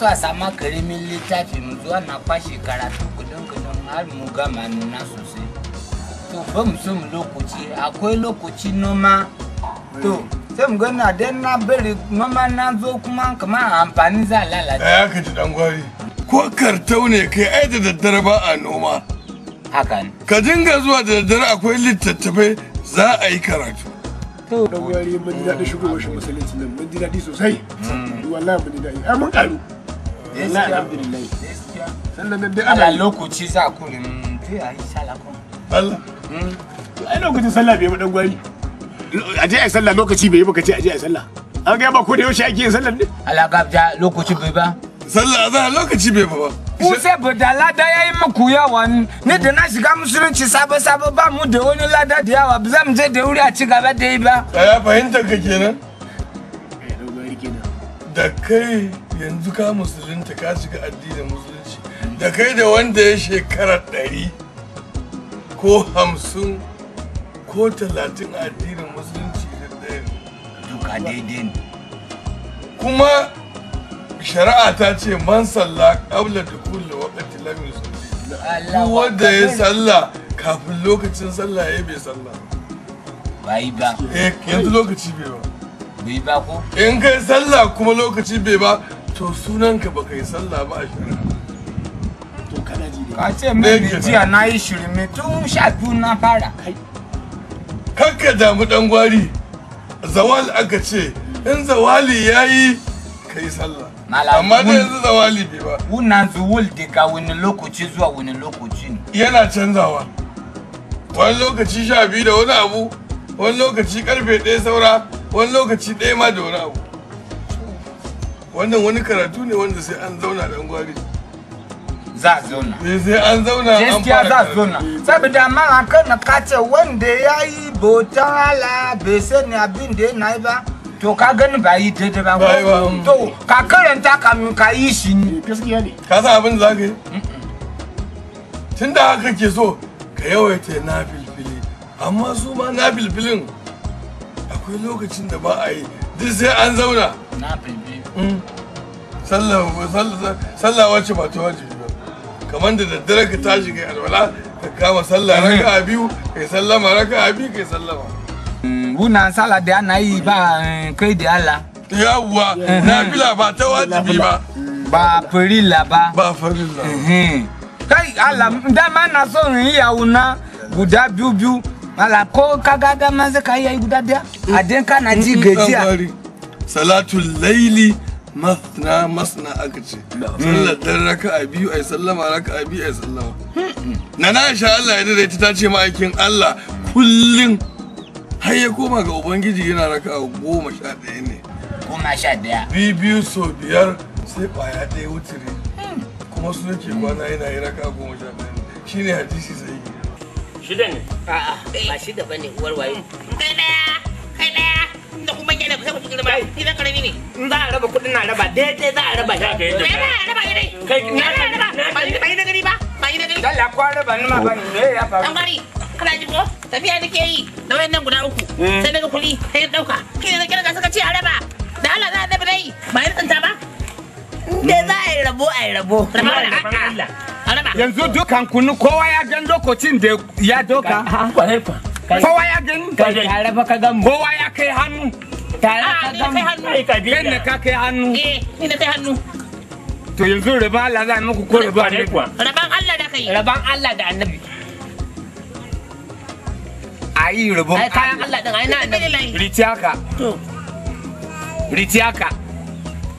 so a sama karamin littafin zuwa na kwashe karatu kudin kudin har mu gama nuna sosai to ba mu so mu lokaci akwai lokaci noma to sai mu gana dan na bari mama na zo kuma kamar amfani za lalace eh ka ji dan ko kartau ne kai ai da daddare ba a noma haka ne ka dinga zuwa da daddare akwai littattafai za a yi karatu to dan mun ji daɗin shigowar shi musulunci nan mun ji daɗi sosai mm. wallahi mun ji daɗi ai ƙaru gaskiya alhamdulillah gaskiya sallan lokaci za ku rin ta yi sallah kuma hmm? lokacin sallah bai dan gwari a je ai sallah lokaci bai baka ce a je ai sallah an ga ba ko da yaushe ake yin sallah ne alagabta lokaci bai ba sallah za lokaci bai ba ku ba da lada ya yi muku yawa ni da na shiga musulunci sabo sabo ba mu da wani lada da yawa ba za mu je da wuri a ci gaba da yi ba ya fahimtar ka kenan eh, da kai yanzu ka musulunta ka shiga addinin musulunci da kai da wanda ya shekara ɗari ko hamsin ko talatin addinin musulunci da ɗaya duka daidai ne kuma shari'a ta ce man salla ƙabla da kulle wakati lam yusalli wanda ya salla kafin lokacin sallah ya bai sallah bai ba eh yanzu lokaci bai ba bai ba ko in kai sallah kuma lokaci bai ba to sunanka ba yi sallah ba a to kana ji ka ce mai jiya na yi shirme tun sha biyu na fara kai kakka damu dan gwari zawal aka ce in zawali ya yi ka sallah amma da yanzu zawali bai ba wunan zuwul daga wani lokaci zuwa wani lokaci yana canzawa wani lokaci sha biyu da wani abu wani lokaci karfe ɗaya saura wani lokaci ɗaya ma da wani abu wannan wani karatu ne wanda sai an zauna da gwari za a zauna ne eh, sai an zauna fara za a zauna saboda amma a kan ka wanda ya yi bautan be bai sani abin da yana ba to ka gani ba yi daidai ba to ka karanta mun ka yi shi ne gaskiya ne ka san abin da za ka yi tunda haka ke so ka yawaita na filfili amma su ma na filfilin akwai lokacin da ba a yi duk sai an zauna na filfili sallah wacce ba ta wajibi ba kamar da daddare ka tashi kai alwala ka kama sallah eh. raka biyu kai sallama raka a biyu kai sallama bunan mm, sallah da ana yi ba eh, kai da Allah yawwa eh. nafila ba ta wajibi ba ba farilla ba ba farilla kai Allah da ma na so yin yawo na guda biyu biyu ala ko ga ga ma zaka yi guda mm. den ka na ji gajiya salatul laili masna masna aka ce sallar raka a biyu ai sallama a biyu ai sallama na na sha Allah ya daidaita ta ce ma'aikin Allah kullum har ya koma ga ubangiji yana a goma sha ɗaya ne goma sha ɗaya biyu so biyar sai ƙwaya ɗaya wuturi kuma su yake kwana yana yi a goma sha ɗaya ne shine hadisi sai shida ne a'a ba shida bane uwar wayo kai ɗaya kai ɗaya da kuma da girma karami ne in za a raba na raba daidai za a raba raba ne na raba ba ba gari ba ba gari dalla ko raba ni ma ba ni ne ya faru kana ji ko tafiya nake yi da guda uku sai daga sai kira suka ce a raba da Allah za a dai ba tsanta ba za a yi rabo a yi rabo yanzu dukan kunu kowa ya gan lokacin da ya doka kowa ya gan kowa ya kai hannu tare ah, ka gam hannu ne kabila kai ne ka kai hannu eh ni na kai hannu to yanzu Allah za muku ko riba ne kuwa raban Allah da kai raban Allah da annabi ayi rubun ai kayan Allah din ai na annabi ritiyaka to ritiyaka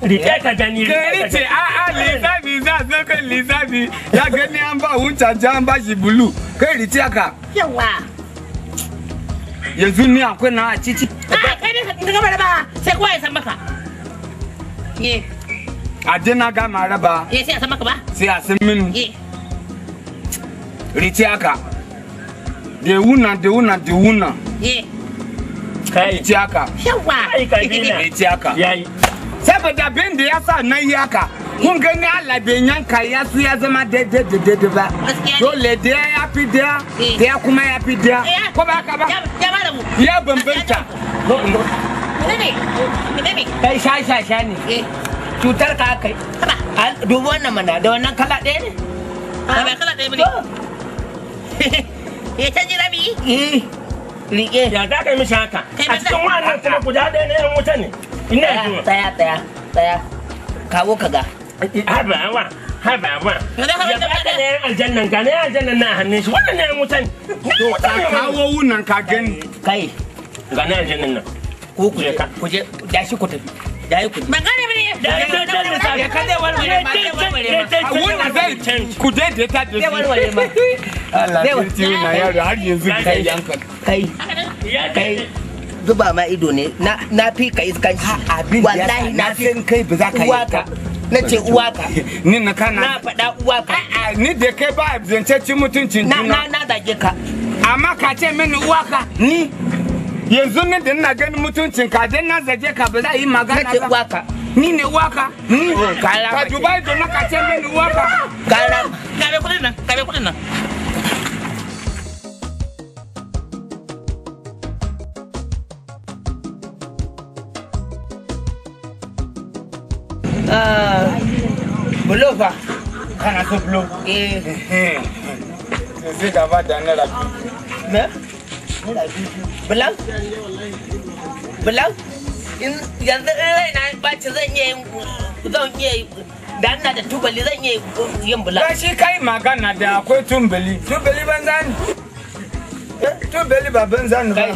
Rike gani rike ce a a lissafi za su kan ya gani an ba wuce an ba shi bulu kai ritiyaka yawa yanzu ni akwai na a cici a ah, kai ne ka gama raba sai kowa ya san maka a je na gama raba eh sai a san maka ba sai a san mini riti aka da wuna da wuna da wuna kai riti aka yawa kai kabila riti aka yayi saboda bin da ya sa nan yi haka mun gani Allah bai yanka ya su ya zama daidai ba dole daya ya fi daya eh. daya kuma ya fi daya eh, ko ba ka ba ya bambanta kai sha sha sha ne eh. cutar ka kai dubu wannan mana da wannan kala ɗaya ne ah, ba kala ɗaya ne oh. ya canji rabi rike ya za ka yi mishi haka a cikin wannan kuma guda ɗaya ne yan wuta ne ina yi tsaya tsaya tsaya kawo ka ga haba yawa haba ba ya baka ne aljannan ga ne aljannan na hannun shi wannan ne mutan to ka kawo wunan ka gani kai ga nan ku ku ka ku je da shi ku tafi da yi ku ban gane da yi da da da da ka walwale ma da walwale ma wannan zai ku da da ta da walwale ma Allah ya tiyo na yaro har yanzu kai yankan kai kai zuba ma ido ne na fi ka iskanci wallahi na fi kai ba za ka yi na ce uwaka ni na kana na faɗa uwa a'a ni da kai ba zancen mutuncin juna na na da ka amma ka ce mini uwaka ni yanzu ni da ina ganin mutuncin ka dan na zage ka ba za yi magana ba ka ni ne uwaka ni karama ka dubai don na ka ce mini uwaka k'a kabe kudin nan kabe kudin nan Uh... bulova kana so bulo sai ka ba da naira na bulan bulan yanzu in rai na baci zan iya yin zan iya yi da ina da tubali zan iya yin bulan ba shi kai magana da akwai tumbali tumbali ban zani eh? tumbali ba ban zani ba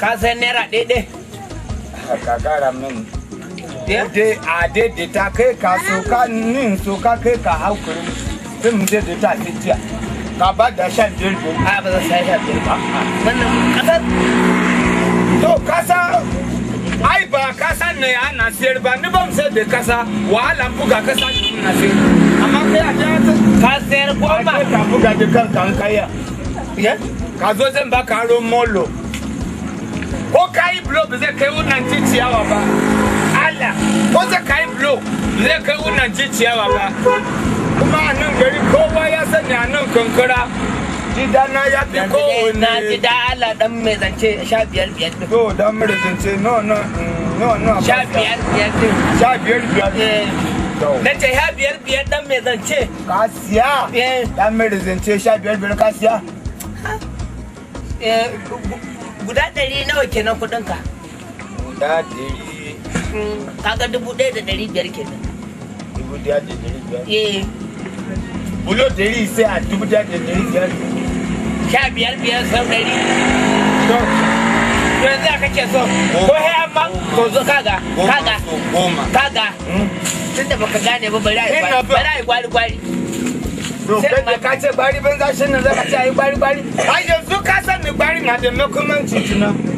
ka san naira ɗaiɗai ka kara min a daidaita kai ka soka nin soka kai ka haukurin sai mu ta tsakiya ka ba da shan jirgin a ba za sai shan jirgin wannan kasar to kasa ai ba kasa ne ana sayar ba ni ban sayar da kasa wahala buga kasa ne na sayar amma kai a ta ka sayar ko ba ka buga da kan an kaya ka zo zan baka aro molo ko ka yi blog zai kai wannan titi yawa ba Allah wata ka yi blo zai kai wannan ciciyawa ba kuma a nan gari kowa ya sani a nan kankara gidana ya fi kowane na gida Allah dan mai zance sha biyar biyar din to dan mai zance no no no no sha biyar biyar din sha biyar biyar eh. na ce sha biyar biyar dan mai zance ka siya eh. dan mai zance sha biyar biyar ka siya eh, guda ɗari nawa kenan kuɗinka guda ɗari kaga dubu ɗaya da ɗari biyar kenan dubu ɗaya da ɗari eh. a dubu ɗaya da ɗari biyar sha biyar biyar sau ɗari yanzu aka ce so ko he amma ko zo kaga kaga kaga hmm? tunda baka gane ba bari a yi gwari gwari ka ce bari ban zashin nan zaka ce a yi bari bari. A yanzu ka san ni bari na da muhimmanci tunan.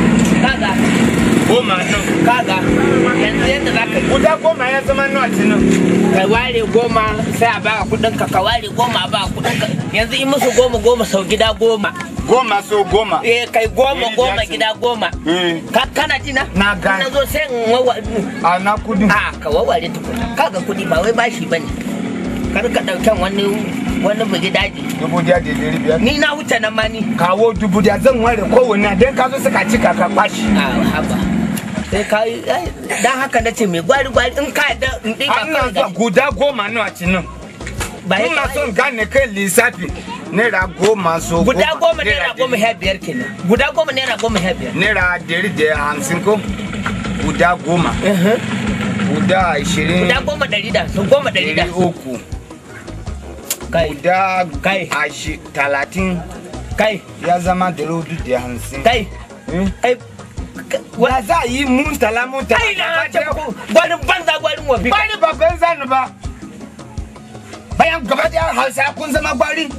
goma nan kaga yanzu yadda ka guda goma ya zama nawa tunan ka ware goma sai a baka kudin ka ka ware goma ba kudin ka yanzu in musu goma goma sau gida goma goma so goma eh kai goma goma gida goma eh. ka kana jina na ga na zo sai in wawa a na kudi a ka waware tukuna kaga kudi ba wai bashi bane kar ka daukan wani wani bugi daji. Dubu da ɗari biyar. Ni na wuce na mani. Kawo dubu da zan ware kowanne don ka zo suka cika ka kwashi. A haba. dan haka na ce mai gwari gwari in ka da in ɗiga fara gaji guda goma nawa ci nan ina gane kai lissafi naira goma so guda goma naira goma sha biyar kenan guda goma naira goma sha biyar naira dari da hamsin ko guda goma guda ashirin guda goma dari da sun goma dari da uku guda kai talatin kai ya zama dari hudu da hamsin kai eh? wa za yi mun tala mun tala ai na ce ku gwani banza gwarin wabi ba ni ba banza ni ba bayan gaba da hausa kun zama gwari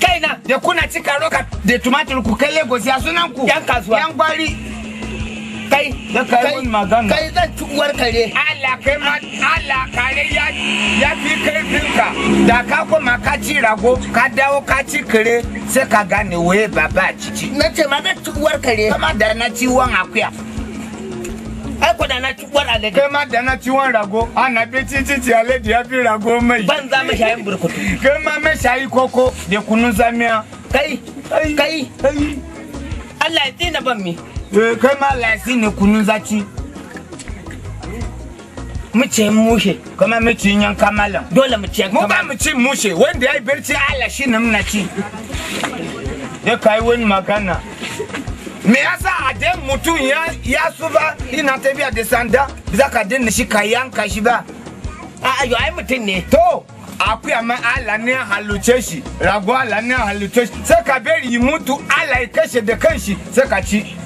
kaina da kuna ci karo ka da tumatir ku kai lagos ya sunan ku yan kasuwa yan gwari kai kai kai zan ci uwar kare Allah kai ma Allah kare ya ya fi karfinka da ka koma ka ci rago ka dawo ka ci kare sai ka gane waye baba a ciki na ce ma zan ci uwar kare kama da na ci wan akuya ai ko da na ci uwar alade kai ma da na ci wan rago ana bi ci alade ya fi rago mai ban za mu shayin burkutu kai ma mai shayi koko da kunun zamiya kai kai kai Allah ya tina ban mi Eh, kai ma lasi ne kunun zaci muce mushe kuma muce yanka malam dole mu ce mu ba mu ci mushe wanda ya birci Allah shi ne muna ci ya kai wani magana me yasa a den mutum ya ya su ba ina biya da sanda za ka danna shi ka yanka shi ba a ayo ai mutum ne to akuya ma Allah ne haluce shi rago Allah ne haluce shi sai ka bari mutu Allah ya kashe da kanshi sai ka ci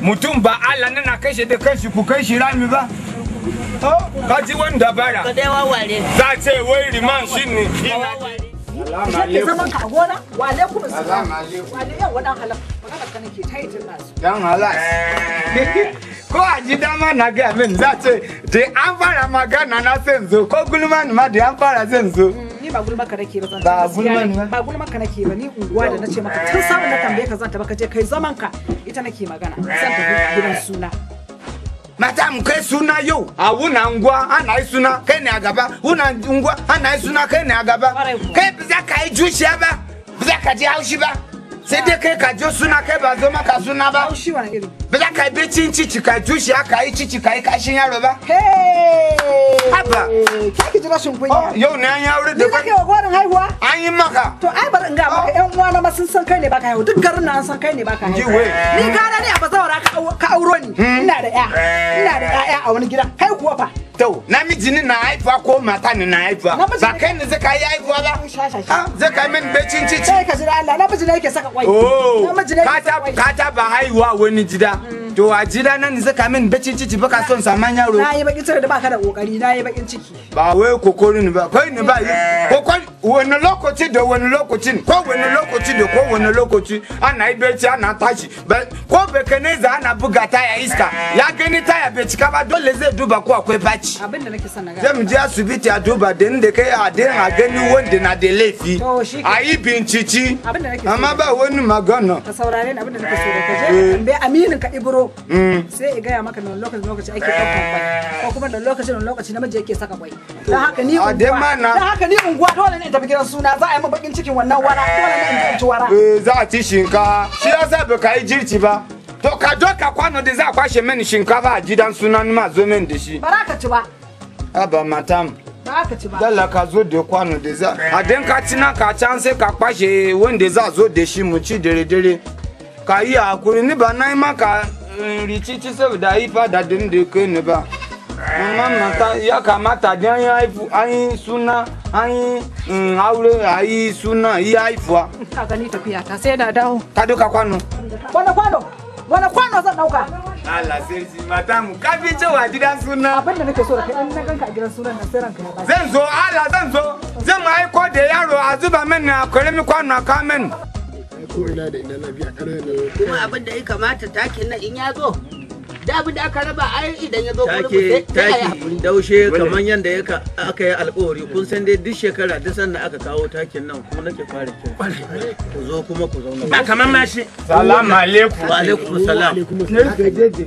mutum ba Allah na kai shi da kanshi ku kai shi rami ba oh, ka ji wani dabara za ce wai riman shi ne Wa alaikum Wa alaikum wadan halal. Magana ka nake ta yi tunna su. Eh. Ko a ji dama na gaya min za ce da an fara magana na sai zo ko gulman ma da an fara zan zo. Mm, ni ba gulman ka nake ba zan Ba gulman ba. gulman ka nake ba ni unguwa da nace maka tun samu na tambaye ka zan ta baka je kai zaman ka ita nake magana. Zan tafi gidan suna. matamkesunayo awuna ngwa anaisuna kene agaba una ngwa anaisuna kene agaba kepza kaijushaba bzakati aushiba sai dai kai ka jo suna kai ba zo maka suna ba ba za ka bi cin cici ka tushe ka yi cici ka yi kashin yaro ba haba ki ji rashin kunya oh, yau ne an yawo da kai wa gwarin haihuwa an yi maka to ai bari in ga maka yan oh. uwa na ma sun san kai ne baka haihu duk garin na san kai ne baka haihu ni gara ne a bazawara ka auro ni hmm. ina da ya eh. ina da ya a wani gida kai kuwa fa to namiji ne na haifa ko mata ne na haifa ba kai ne zai ka yi haifuwa ba ah, zai ka yi min becin cici kai ka ji Allah namiji ne yake saka Oh, kata kata bahaiwa wani jida To a jira nan zai ka min bacin ciki baka son saman yaro. Na yi bakin ciki da baka da kokari, na bakin ciki. Ba wai kokorin ba, kai ni ba eh. Kokon wani lokaci da wani lokacin, ko wani eh. lokaci da ko wani lokaci ana yi bacci ana tashi. Ko bekaneza ana buga taya iska, eh. ya gani taya bai cika ba dole zai duba ko akwai baci. Abin da nake son na ga. Zai je asibiti a duba da kai a den a gani wanda na da laifi. A yi bincici. Abin da nake Amma ba wani magana. Ka saurare ni abin da nake so da ka je. Aminin ka ibro yaro mm. sai ya gaya maka lokacin lokaci ake ɗaukar kwai ko kuma da lokacin lokaci namiji yake saka kwai don haka ni unguwa don haka ni unguwa dole ne tafi gidan suna za a yi bakin cikin wannan wara dole ne in ci wara eh, za a ci shinkafa shi sa ba ka yi jirci ba to ka jo ka kwano da za a kwashe mini shinkafa a gidan sunan ma zo min da shi ba ka ci ba aba matam dala ka zo da kwano da za a den ka ka can sai ka kwashe wanda za zo da shi mu ci dare dare ka yi hakuri ni ba na yi maka richichi sɛ da dade dadin de ke ne ba mama mata ya kamata di anyi aifu anyi suna anyi aure ayi suna iya aifuwa a. gani tafiya ta sai da dawo ka duka kwano wani kwano wani kwano zan dauka Allah sai si mata mu ka fi cewa gidan suna abin da nake so da kai in na ganka a gidan na nan sai ranka ya ba zan zo Allah zan zo zan ma aiko da yaro a zuba min kwano ka min inna da inna lafiya ta rayu kuma abin da ya kamata takin nan in ya zo da abin da aka raba ai idan ya zo take take daushe kamar yanda yaka aka yi alƙawari kun san dai duk shekara duk sanda aka kawo takin nan kuma nake fara kira ku zo kuma ku zauna ba kamar ma shi salamu alaikum wa alaikum salam ne ka dede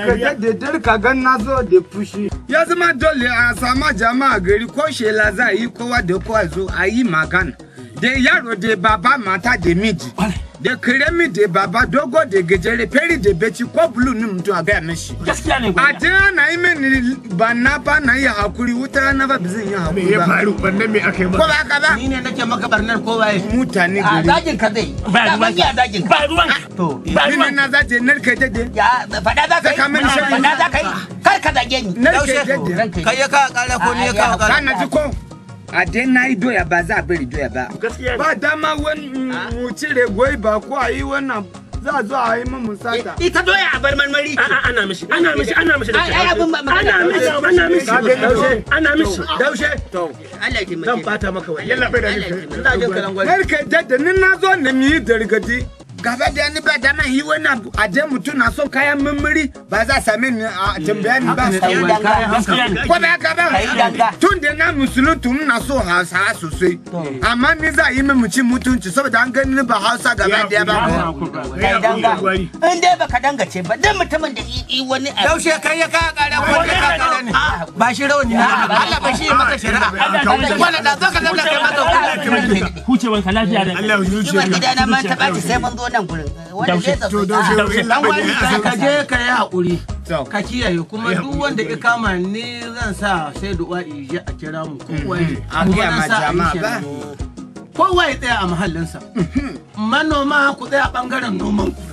ka dede ka gan na zo da fushi ya zama dole a sama jama'a gari ko shela za a yi kowa da kowa zo a yi magana de yaro de baba mata da miji kere kiremi de baba dogo de gejere peri de beti ko bulu ni mutum a gaya mishi a na ime ni ba na na yi hakuri uta na ba bizin yi hakuri ba me ah, ya faru banne me aka ba ko ba ka ba ni ne nake maka barnar ko waye mutane gari a dajin ka zai ba ruwan ka dajin ba ruwan to ba ruwan ni na zaje narke de. ya fada kai ka yi fada za ka yi kar ka zage ni narke dade kai ka kare ko ne ya ka kare ah, kana ji ko a dai na yi doya ba za a bari doya ba ba dama wani ah. mu cire goyi ba ko a yi wannan za a zo a yi min musata. Ita doya a bar marmari. Ah, ah, ana mishi, ana mishi, ana mishi. Ai abin ba magana. Ana mishi, ana mishi. Ana mishi. Daushe. To. Zan bata maka wani. Yalla bai da ni. Allah ya taimake. Kar ka jadda na zo na mi da gaba da ni ba dama yi wani abu a je mutum na son kayan mimmiri ba za same ni a tambaya ni ba ko ba haka ba tun da na musulunta na so hausa sosai amma ni za yi min mutum mutunci saboda an gani ba hausa gaba da ba ko danga in dai baka danga ce ba dan mutumin da yi wani abu yaushe kai ya ka kara ko ka kara ne ah. ba shi rauni na Allah ba shi maka ah, shari'a wannan da zo ka zama kai maka hucewan ka lafiya da Allah ya huce ka gidana man taba ki sai mun zo nan gurin eh, wanda zai tafi ah, dan wani ka je ka yi hakuri ka kiyaye kuma duk wanda ya kama ni zan sa sai du'a ije a kira mu mm-hmm. kowa a kiyaye jama'a ba kowa tsaya a mahallinsa mm-hmm. manoma ku tsaya bangaren noman ku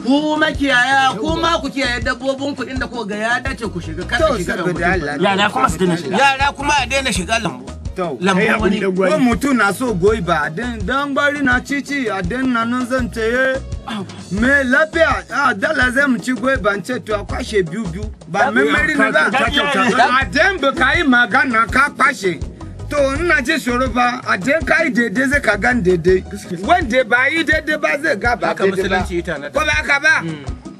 ku makiyaya ku ma ku kiyaye dabbobin ku inda ko ga ya dace ku shiga kada shiga yara kuma su daina shiga yara kuma a daina shiga lambu to ko mutu na so goyi ba den dan gbari na chichi a den na nan eh. me lafiya Adalaze ah, ah, dala zai mu ci goyi ban ce to kwashe biyu ba memeri na ba a den ba ka yi magana ka kwashe to ina ji soro ba a ka yi daidai zai ka gan daidai wanda ba yi daidai ba zai ga ba daidai ba ko ba ka ba mm.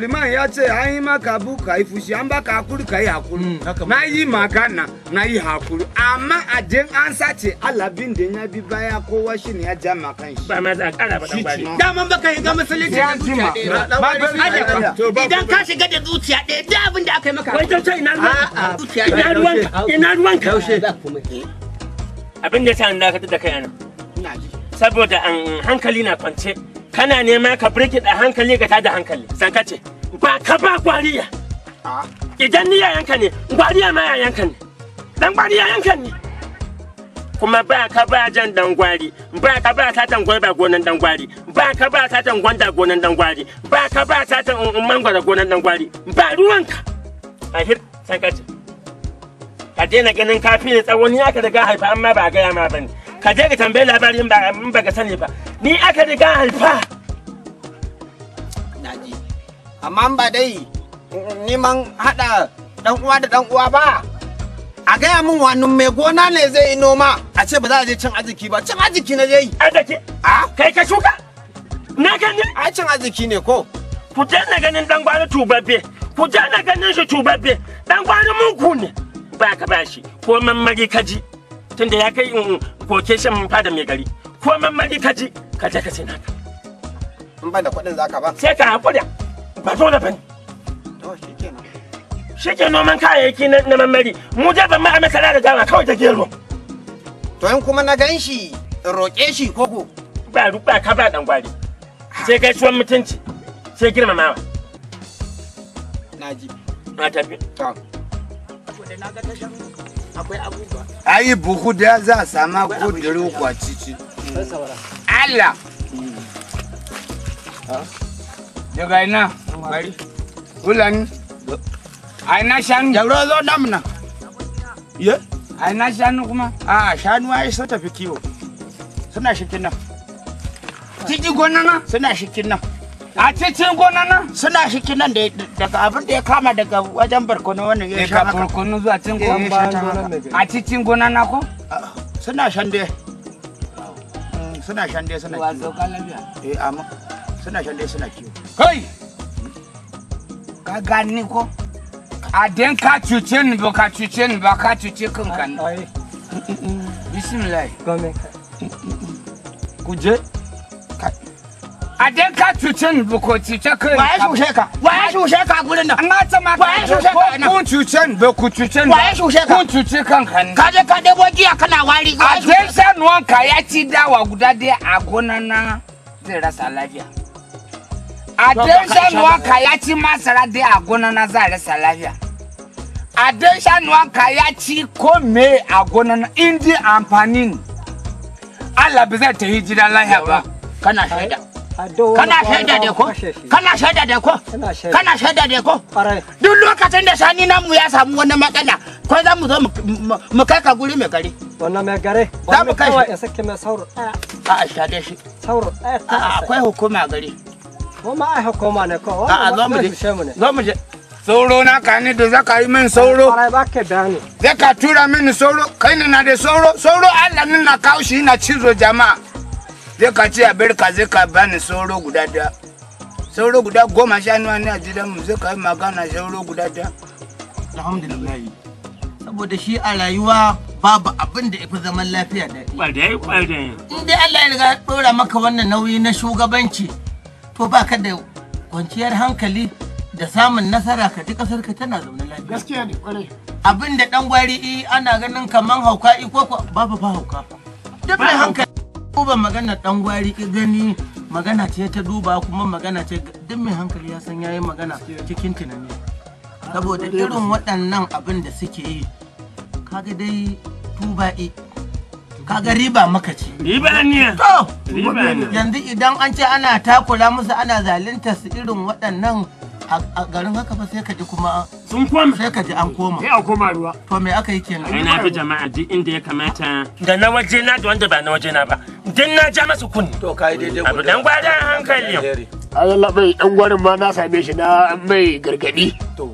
liman ya ce an yi maka buka yi fushi an baka hakuri ka yi hakuri mm, na yi maka na yi hakuri amma a jin an sace alabin da ya bi baya kowa shi ne ya ja maka shi ba ma za a kara ba dan da daman baka yi ga musulunci da zuciya idan ka shiga da zuciya ɗaya da abin da aka yi maka wai tauce ina ruwanka ina ruwan ina ruwanka abin da ya sa na ka da kai ana saboda um, hankali na kwance kana nema ka birki da hankali ga tada hankali sanka ce ba ka ba gwariya idan ni yayanka ne gwariya ma yayanka ne dan kwariya yayanka ne kuma ba ka ba jan dan gwari ba ka ba ta tan ba gonan dan gwari ba ka ba ta tan gwanda gonan dan gwari ba ka ba ta tan mangwara gonan dan gwari ba ruwanka ahir sanka ce ka daina ganin kafin tsawon ya ka daga haifa amma ba gaya ma bane ka je ka tambayi labari in ba ka sani ba ni aka riga alfa naji amma ba dai neman hada dan uwa da dan uwa ba a gaya min wannan mai gona ne zai yi noma a ce ba za a je cin arziki ba cin arziki na zai yi arziki a kai ka shuka na gani a cin arziki ne ko ku je na ganin dan gwani tubabbe ku je na ganin shi tubabbe dan gwani mun ku ne ba ka bashi ko mammari kaji tunda ya kai in koke shan fada mai gari ko mammari ka ji ka je ka ce naka in ba da kuɗin zaka ba sai ka hakura ba dole bane to shi ke noman kayayyaki na mammari mu je ban ma a masara da dama kawai da gero to in kuma na gan shi roƙe shi koko ba ruba ka ba dan gwari sai kai gaisuwan mutunci sai girmamawa na ji na tafi ayi buhu da za a sama ko dari uku cici Allah daga ina bari hulani a ina shanu jauro zo damna ye a ina shanu kuma a shanu ai sun tafi kiwo suna shikin nan ciki gona suna shikin nan a cikin gonan nan suna kinan da daga abin da ya kama daga wajen barkono wannan ya sha daga barkono zuwa cikin eh, gonan a cikin gonan na ko ah, suna shan dai hmm. suna shan dai suna kiwo eh amma suna shan dai suna kiwo kai hmm. ka gani ko a den ka cuce ni ba ka cuce ni ba ka cuce kan kan bismillah ka kuje a dan ka cucin bako cuce kai waye shushe ka waye shushe ka gurin nan na ta ma waye shushe ka nan kun cucin ku cucin waye shushe ka kun cuce kan kan ka je ka debo giya kana wari a san sanuwan ka ya ci dawa guda dai a gonan nan zai rasa lafiya a san sanuwan ka ya ci masara dai a gonan nan zai rasa lafiya a san sanuwan ka ya ci me a gonan nan indi amfanin Allah ba zai ta hijira lahiya ba kana shaida kana shaida da ko kana shaida da ko kana shaida da ko duk lokacin da shani namu ya samu wani matsala ko za mu zo mu kai ka guri mai gari wannan mai gare za mu kai in sake mai sauro a a shaide shi sauro a akwai hukuma ko ai hukuma ne ko a zo mu je zo mu je sauro na ka ni da zaka yi min sauro zaka tura min sauro kai ne na da sauro sauro Allah ni na kawo shi na cizo jama'a sai ka ce a ka zai ka bani sauro guda da sauro guda goma sha nawa ne a gidan mu zai ka yi magana sauro guda da. alhamdulillah saboda shi a rayuwa babu abin da ifi zaman lafiya da ƙwadai Allah ya riga ɗora maka wannan nauyi na shugabanci to ba ka da kwanciyar hankali da samun nasara ka ji ka tana zaune lafiya gaskiya ne abin da ɗan gwari ana ganin kaman hauka iko babu ba hauka duk hankali duba magana dan gwari gani magana ce ta duba kuma magana ce duk mai hankali ya san yayi magana cikin tunani saboda irin waɗannan abin da suke yi kaga dai tuba e kaga riba maka ce riba ne to yanzu idan an ce ana takura musu ana zalunta su irin waɗannan a garin haka ba sai ka ji kuma sun koma sai ka ji an koma sai a koma ruwa to me aka yi kenan ai na fi jama'a duk inda ya kamata da na waje na da wanda ba na waje na ba din na ja masa kun to kai daidai abu dan gwada hankali ai labai dan gwarin ma na same shi na mai gargadi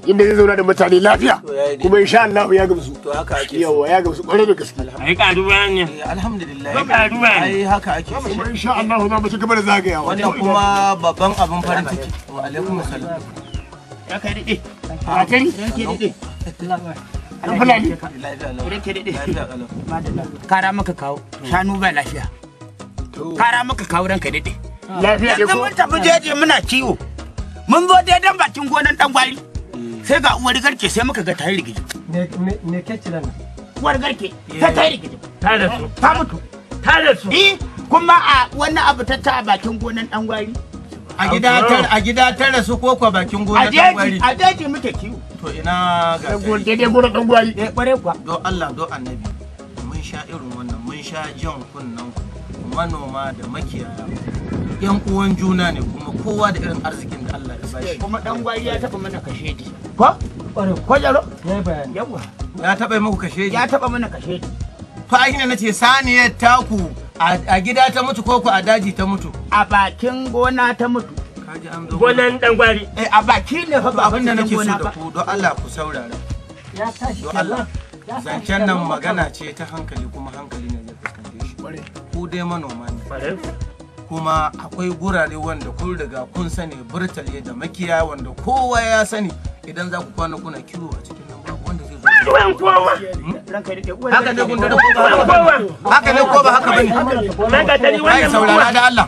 inda zai zauna da mutane lafiya kuma insha Allah ya gamsu to haka ake yawa ya gamsu kwarai da gaske ai karuwa ne eh, alhamdulillah ai karuwa ne ai haka ake kuma insha Allah za mu ci gaba da zagayawa wannan kuma babban abin farin ciki wa alaikum assalam Ranka ya daɗe. A tari ranka ya daɗe. An fulani. Ranka ya Kara maka kawo. Shanu ba lafiya. Kara maka kawo ranka ya daɗe. Lafiya ko? mun tafi jeje muna kiwo. Mun zo daidan bakin gonan ɗan gwari. Mm. Sai ga uwar garke sai muka ga tayi rigiji. Me ke cira nan? Uwar garke eh. ta tayi rigiji. Ta da su. Ta mutu. Ta da su. Eh, kuma a wani abu ta ta bakin gonan ɗan gwari. a gida ta a gida ta rasu ko kwa bakin gona ta gwari a daji muke kiwo to ina ga daidai gona dan gwari eh kware kwa do Allah do annabi mun sha irin wannan mun sha jan kunnan manoma da makiyaya yan uwan juna ne kuma kowa da irin arzikin da Allah ya bashi kuma dan gwari ya taba mana kashedi ko kware ko jaro yayi bayani yawa ya taba muku kashedi ya taba mana kashedi fahina na ce saniyar taku a gida ta mutu ko ku a daji ta mutu a bakin gona ta mutu gonan dan gwari eh a baki ne fa ba abin da nake so da ku don Allah ku saurara ya tashi don Allah zancen nan magana ce ta hankali kuma hankali ne zai fuskante shi ku dai manoma ne kuma akwai gurare wanda kun riga kun sani burtale da makiya wanda kowa ya sani idan za ku kwana kuna kiwo a cikin yan kowa haka ne ko ba haka bane ga saurara da Allah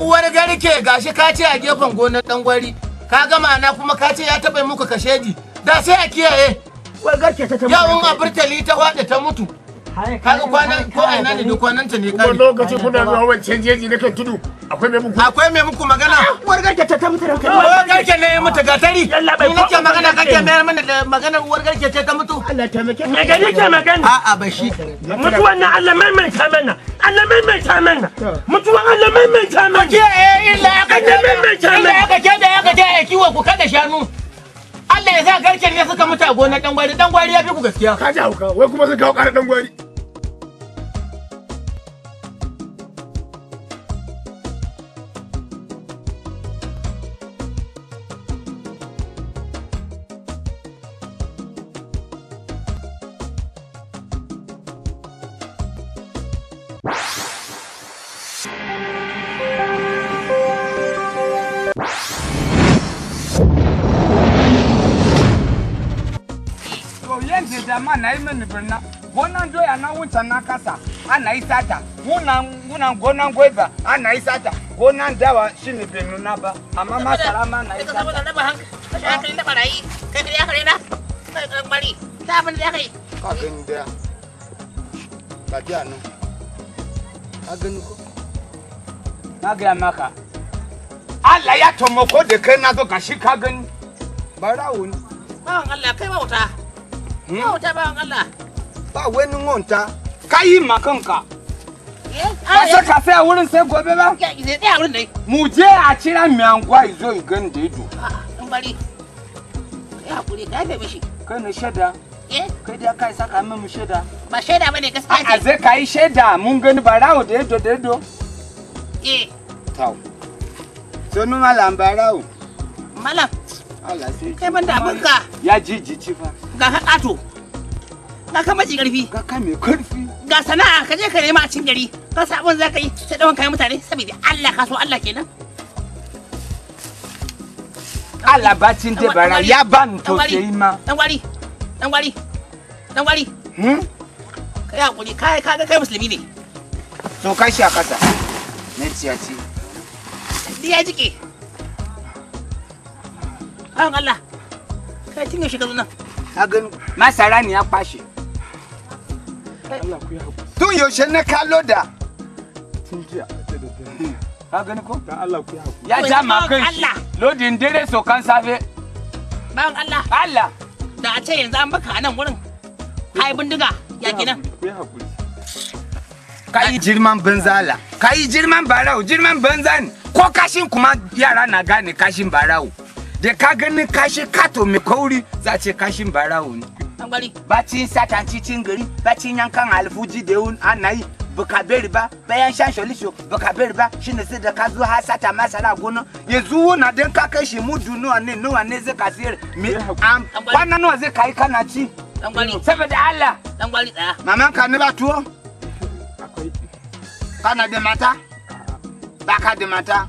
uwar garke gashi ka ce a gefen gonar dan gwari ka gama na kuma ka ce ya taba muku kashedi da sai a kiyaye uwar garke ta ta yawun a burtali ta wada ta mutu kaga kwanan ko ina ne duk kwanan ne kai lokacin kuna zuwa wancan jeji na kan tudu akwai mai muku akwai mai muku magana ah, uwar garke ta mutu ranka uwar garke ne mutu gatari ni nake magana kake mai mana da magana uwar garke ce ta mutu Allah ta me gani ke magana a'a Allah mai mai ta mana Allah mai mai ta mana mutuwan Allah mai mai ta mana ke eh illa aka ke mai mai ta mana illa ke da kiwo ku kada shanu Allah ya sa garken ne suka mutu a gonar dan gwari ya fi ku gaskiya. Ka ji hauka wai kuma sun kawo ƙara dan jamaa na ime gona ndo ya na wuta na kasa ana isata muna muna gona ana isata gona ndawa binu na ba amma ma salama na isata ba hanka na ta bin da kai ka gani da ka ji anu ka gani ko na ga maka Allah ya tomoko da kai na zo shi ka gani barawo ne ba Allah kai Hmm? ta ba Allah. Ba wani wauta. Ka yi ma kanka. Eh, ba sai ka saya wurin sai gobe ba? Mu je a cira mai anguwa izo yi gani da ido. Ah, in bari. Ya hakuri ka yafe mishi. Kai ne shaida. Eh? Kai da ka isa ka min mu shaida. Ba shaida bane gaskiya ce. A zai ka yi shaida mun gani ba rawo da ido da ido. Eh. Tau. nuna Malam Barau. Malam. Kai ban da abin ka. Ya jijici fa. Ga ka ƙato. Ga ka maji ƙarfi. Ga ka mai Ga sana'a ka je ka nema a cin gari. Ka sa abin za ka yi sai ɗawan kayan mutane saboda Allah ka so Allah kenan. Allah bacin da bara ya ban tausayi ma. Dan gwari. Dan gwari. Dan Hmm? Kai hakuri kai ka ga kai musulmi ne. To a kasa. Ne Diya jike. Ayon Allah, kai tun yaushe ka zo nan. Na gani. Masara ne ya kwashe. Tun yaushe na kalo da. Tun jiya. Ka gani ko? Dan Allah ku ya haƙuri. ja ma kan shi. Lodin dare so kan safe. Bayan Allah. Allah. Da a ce yanzu an baka a nan wurin. Kai bindiga ya gina. Ku ya Ka yi jirman banzala. Ka yi jirman barawo, jirman banza Ko kashin kuma yara na gane kashin barawo. da ka ganin kashi kato mai kauri za a ce kashin barawo ne bacin satan cikin gari bacin yankan alfuji da yun ana yi baka beri ba bayan shan sholisho baka beri ba shine sai da ka zo ha sata masara gona yanzu wona dan ka kai shi mudu nawa ne nuwa ne zai ka sayar me wannan nawa zai kai kana ci saboda Allah dan gwali tsaya maman ka ne ba tuwo kana da mata baka da mata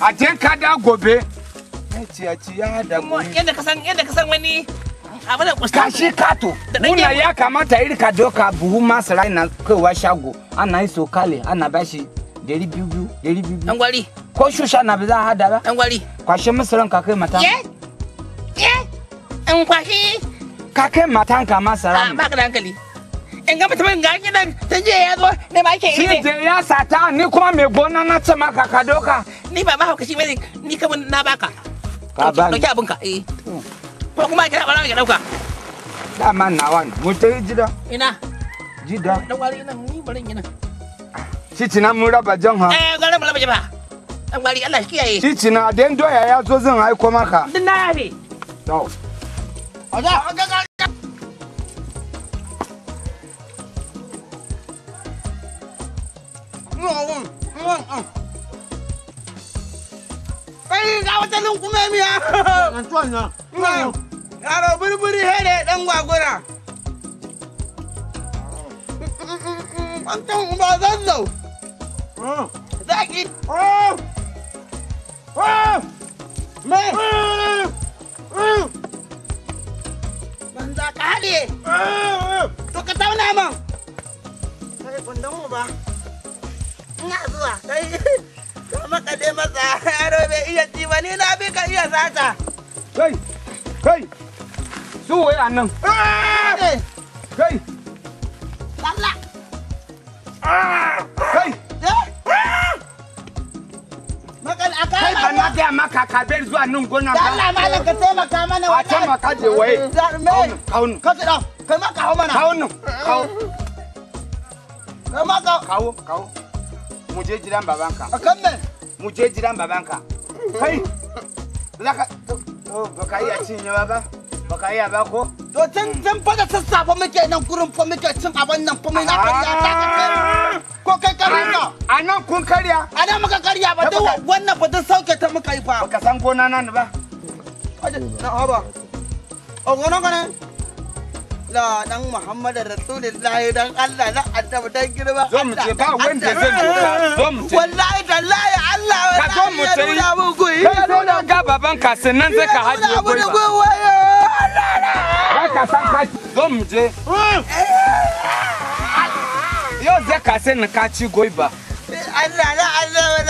a jan ka da gobe ya ya da gobe yadda ka san yadda ka san wani abu da kusta kashi kato muna ya kamata iri ka doka buhu masara na kaiwa shago ana yi sokale ana bashi dari biyu biyu dari biyu biyu angwari ko shusha na ba za a hada ba angwari kwashe masaran ka kai mata ye ye in kwashe ka kai matan ka masara ba ka da hankali in ga mutumin ga ta je ya zo ne ma ke je ya sata ni kuma gona na ce maka ka doka ni ba bane ni kama na ka ba ni eh ko kuma dauka nawa mu jida ina jida da wari ina ni barin ina cici na mun raba jan ha eh mun raba jan dan Allah shi kiyaye na den doya ya zo zan aiko maka to kai ga wata lin kuma miya an tuwan na yaro burburi he da dan gwagura an tan ba zan zau zaki mai ban za ka haɗe to ka tauna man kai kundin mu ba ina zuwa kai ka makale masa yaro bai iya ci ba ni na bi ka iya sata kai kai su wai annan eh! kai lalla ah! kai eh! makal aka kai ba na ga maka ka bar zuwa nan gona ba Allah malam ka taimaka mana wa taimaka je waye kaunu ka tsira kai maka hawo mana kaunu kawo kai maka kawo kawo mu je gidan babanka akan me mu je gidan babanka kai zaka oh, baka iya cinyewa ba baka iya ba ko to tun tun fa da sassafe muke nan gurin fa muke cin abin nan fa mai na karya ta ka kai ko kai karya a nan kun kariya. a nan muka kariya ba duk wannan ba duk sauke ta muka yi fa baka san gona nan ba na haba a gona gona la dan Muhammadu Rasulullahi dan Allah na dan girma. Zo mu ce ba wanda nuna. Zo mu ce. Wallahi tallahi Allah ka zo mu ce. Kai zo na ga baban ka sannan ka hajiye ka san zo mu je. Eh. Yau zai ka ka ci Allah na Allah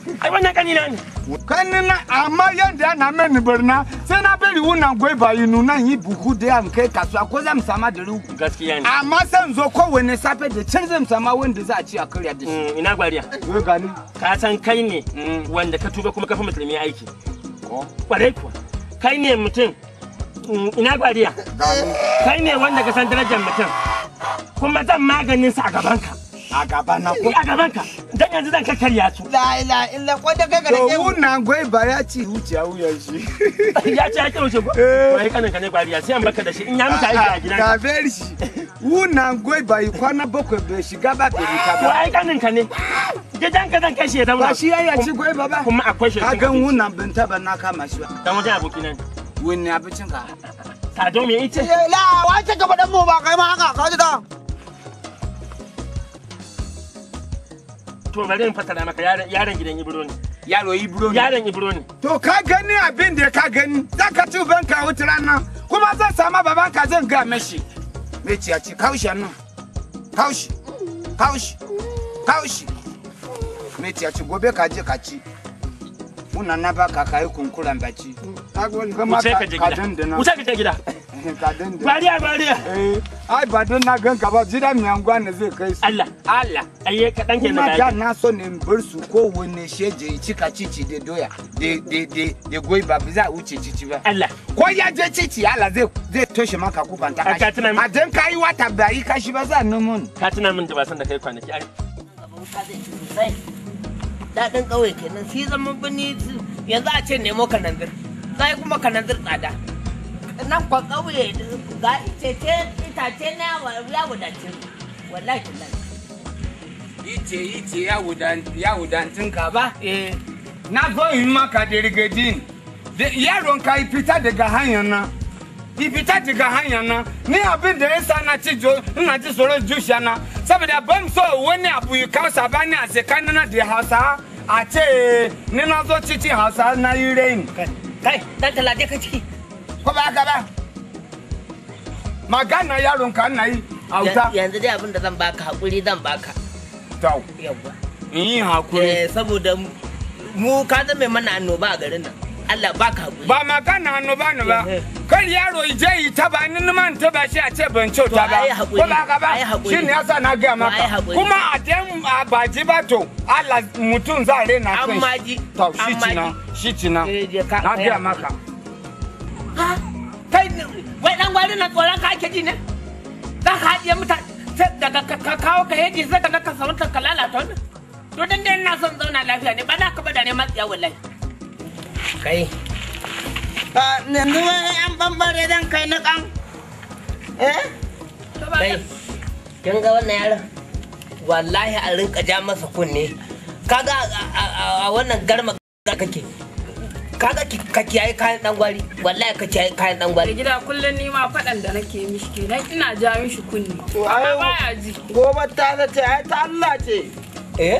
ai wannan kanina ne kanina amma yadda yana mani barna sai na bari wuna gwai bayi nuna yi buhu da yan kai kasuwa ko zan sama da ruku gaskiya ne amma san zo kowane safe da can zan sama wanda za a ci a karya da shi mm, ina gwariya gani ka san kai ne mm, wanda ka tuba kuma kafa musulmi aiki kwarai kuwa kai ne mutum mm, ina gwariya kai ne wanda ka san darajar mutum kuma zan maganin sa a gabanka a gaban na ko a gaban ka dan yanzu zan kakkarya su la ila illa ko da kaga da to wannan gwai ba ya ci zuciya wuyan shi ya ci ya kiro ko eh. wai kanin ka ne kwariya sai an baka da shi in ya muka aiki a gidan ka bar shi wannan gwai ba kwana bakwai bai shiga ba bai ka ba wai kanin ka ne gidan ka zan kashe dan ba shi ya ci gwai baba. kuma akwai shi ka wannan bin taba na kama shi ba dan wajen aboki nan wannan abincin ka don me eh, la wace ka faɗan mu ba kai ma haka ka ji to bari in maka ne yaro ibro ne yaron ne to ka gani abin da ka gani ka ci banka ranar kuma zan sama babanka zan ga mashi kaushi nan kaushi kaushi kaushi gobe ka je ka ci muna na kayi kunkuran baci ka gani ka ma ka da na Bariya bariya. Eh, ai ba don na ganka ba jira mai anguwa ne zai kai su. Allah. Allah. na da na so ne bar su kowane sheje cika cici da doya de goyi ba za a cici ba. Allah. Ko ya je cici Allah zai zai toshe maka kufan ta kashi. A don ka wata ba yi kashi ba za a nomo Ka tuna min da ba san da kai kwanaki. Abin Daɗin ƙauye kenan sai zaman birni yanzu a ce nemo kananzir. Sai kuma kananzir tsada. nan kwa ƙauye ga itace na ya wadace wallahi tallahi ice ice ya wadancin ka ba eh, na zo yi maka da rigajin yaron ka yi fita daga hanyar nan yi fita daga hanyar na ni abin da yasa na ci jo ina ji tsoron jusha na saboda ban so wani abu yi kansa ba ni a tsakanin da hausa a ce ni na zo cikin hausa na yi rain kai kai dan de ka ciki ko ba ka ba magana yaron ka na yi auta yanzu dai abin da zan baka hakuri zan baka tau yawa in yi hakuri eh saboda mu ka zame mana annoba a garin nan Allah baka hakuri ba magana annoba ne ba eh, eh. kar yaro je yi ta ba ni man ta ba shi a ce ban kyauta ba ko ba ka ba shi ne yasa na ga maka kuma a dan ba ji ba to Allah mutum za rena kai amma ji shi cina shi cina na eh, ga maka kai wai dan gwari na tsoron ka ake ji ne za ka haɗiye mutane daga ka kawo ka heji zai daga ka sarauta ka lalata wannan to dan dai ina son zauna lafiya ne ba za ka bada ne matsiya wallahi kai ah, yanzu wani yan bambare zan kai na kan eh kai kin ga wannan yaron wallahi a rinka ja masa kunne kaga a wannan garma kake kaga ka kiyaye kayan dan gwari wallahi ka kiyaye kayan dan gwari gida kullun ni ma fadan da nake mishi kenan ina ja mishi kunni amma baya ji gobar ta zace ai ta Allah ce eh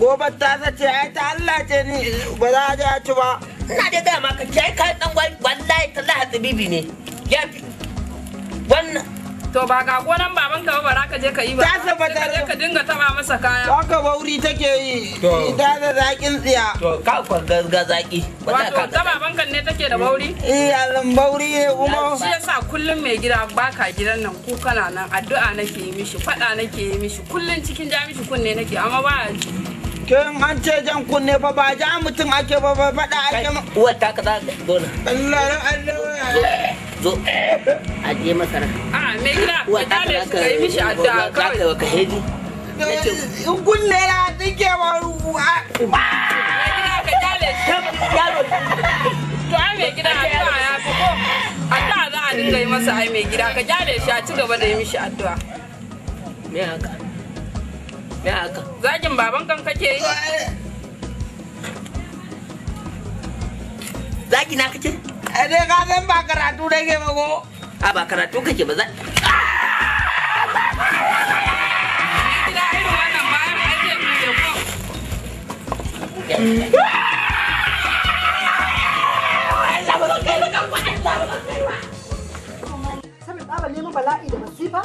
gobar ta zace ai ta Allah ce ni ba za a ja ci ba ina da ma ka kiyaye kayan dan gwari wallahi ta lahatsibibi ne ya fi wannan To ba ga gonan babanka ba bara ka je ka yi ba. Ta saba ta je ka dinga taba masa kaya. ka bauri take yi. To ta da zakin tsiya. To ka kwan ga zaki. Wato ta babanka ne take da mm. bauri? Eh alan bauri ne kuma. Shi yasa kullum mai gida ba ka gidan nan ku kana nan addu'a nake yi mishi fada nake yi mishi kullum cikin ja mishi kunne nake amma ba kin an ce jan kunne fa ba ja mutum ake ba ba fada ake. wata ka za ka dole. Allah Allah. zo a je masara a me gida wa ta ne ka yi mishi addu'a kawai ka ka heji gulle ya take wa ruwa ba ka dale yaro to ai me gida addu'a ya fi ko addu'a za a dinga yi masa ai me gida ka dale shi a ci gaba da yi mishi addu'a me haka me haka zagin baban kan kake yi eh. zagi kake Eh, Ade ka san ba karatu da ke ba ko? A ba karatu kake ba za. Ina irin wannan bayan da bala'i da masifa.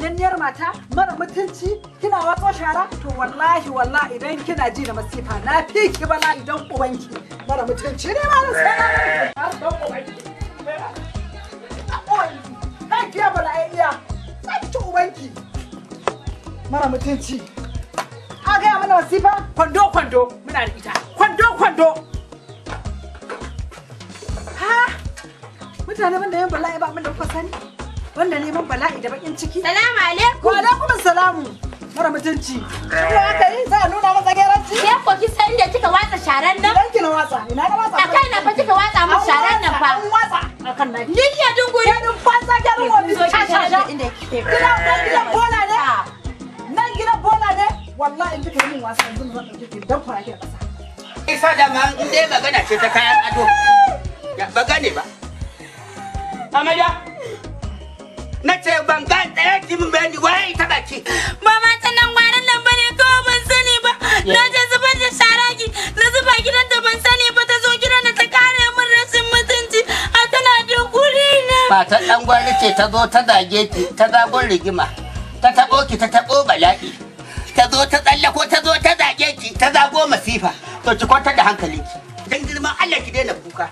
tsinanniyar mata mara mutunci kina watsa shara to wallahi wallahi idan kina ji da masifa na fi ki bala idan ubanki mara mutunci ne ma na sai na dan ubanki kai kiya bala ai iya sai ki ubanki mara mutunci a gaya mana masifa kwando kwando muna da ita kwando kwando ha mutane ban da yin bala'i ba mun da kuka sani Wanda neman bala'i da bakin ciki. Salamu alaikum. Wa alaikum salamu. Mara mutunci. Ko aka yi za a nuna masa geranci? Ke ko ki san da kika watsa sharan nan? Idan kina watsa, ina ga watsa. Akai na fa kika watsa mu sharan nan fa. An watsa. Akan na. Ni ke dunguri. Ke dun fasa ke ruwa bi zo ki sharan inda kike. Kina ko kina bola ne? Ah. Nan bola ne? Wallahi in kika yi min wasa yanzu zan dauke ki dan fara ki kasa. Isa da ma in dai magana ce ta kayan ado. Ba gane ba. Amarya. na ce ban gan ɗaya ki min bayani waye ta baki ba ta tsanan gwaran nan ne kawo ban sani ba na je zubar da sharaki na zuba gidan da ban sani ba ta zo gidan da ta kare min rashin mutunci a tana jin kuri na ba ta dan ce ta zo ta zage ki ta zagon rigima ta tabo ki ta tabo bala'i ta zo ta tsallako ta zo ta zage ki ta zago masifa to ki kwanta da hankalinki dan girman Allah ki daina kuka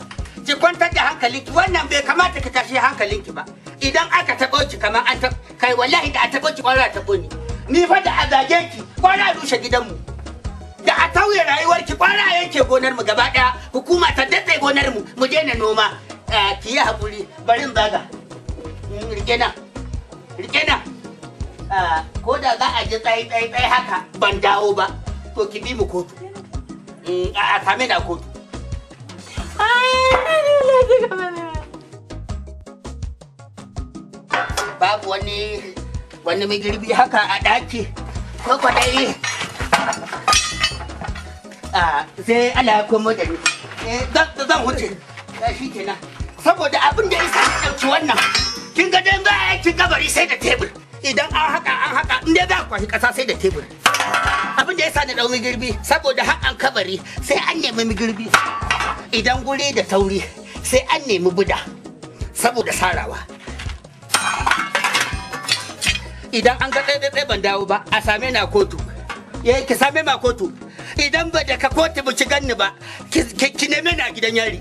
ki kwantar da hankalinki wannan bai kamata ki tashi hankalinki ba idan aka taɓo ki kamar an ta kai wallahi da a taɓo ki kwana taɓo ni ni fa da azage ki ki kwana rushe gidanmu da a tauye rayuwarki kwana a yanke gonar mu gaba daya hukuma ta daɗe gonar mu mu daina noma eh, ki yi haƙuri bari in zaga mm, rike na rike na eh, ko da za a ji tsaye tsaye haka ban dawo ba to ki bi mu kotu mm, a same na kotu babu wani wani magirbi haka a ɗaki ko kwaɗayi ah sai ala ko komo da ni eh, zan wuce shi kenan saboda abin da isa ya ɗauki wannan kin ga dai ba aikin kabari sai da tebur idan an haka an haka in dai za kwashi ƙasa sai da tebur abin da ya sa na ɗau girbi saboda haƙan kabari sai an nemi girbi idan guri da tauri sai an nemi buda saboda sarawa idan an ga ɗaiɗaiɗai ban dawo ba a same na kotu ya eh, ki same ma kotu idan ba da ka kotu ba ci ganni ba ki neme na gidan yari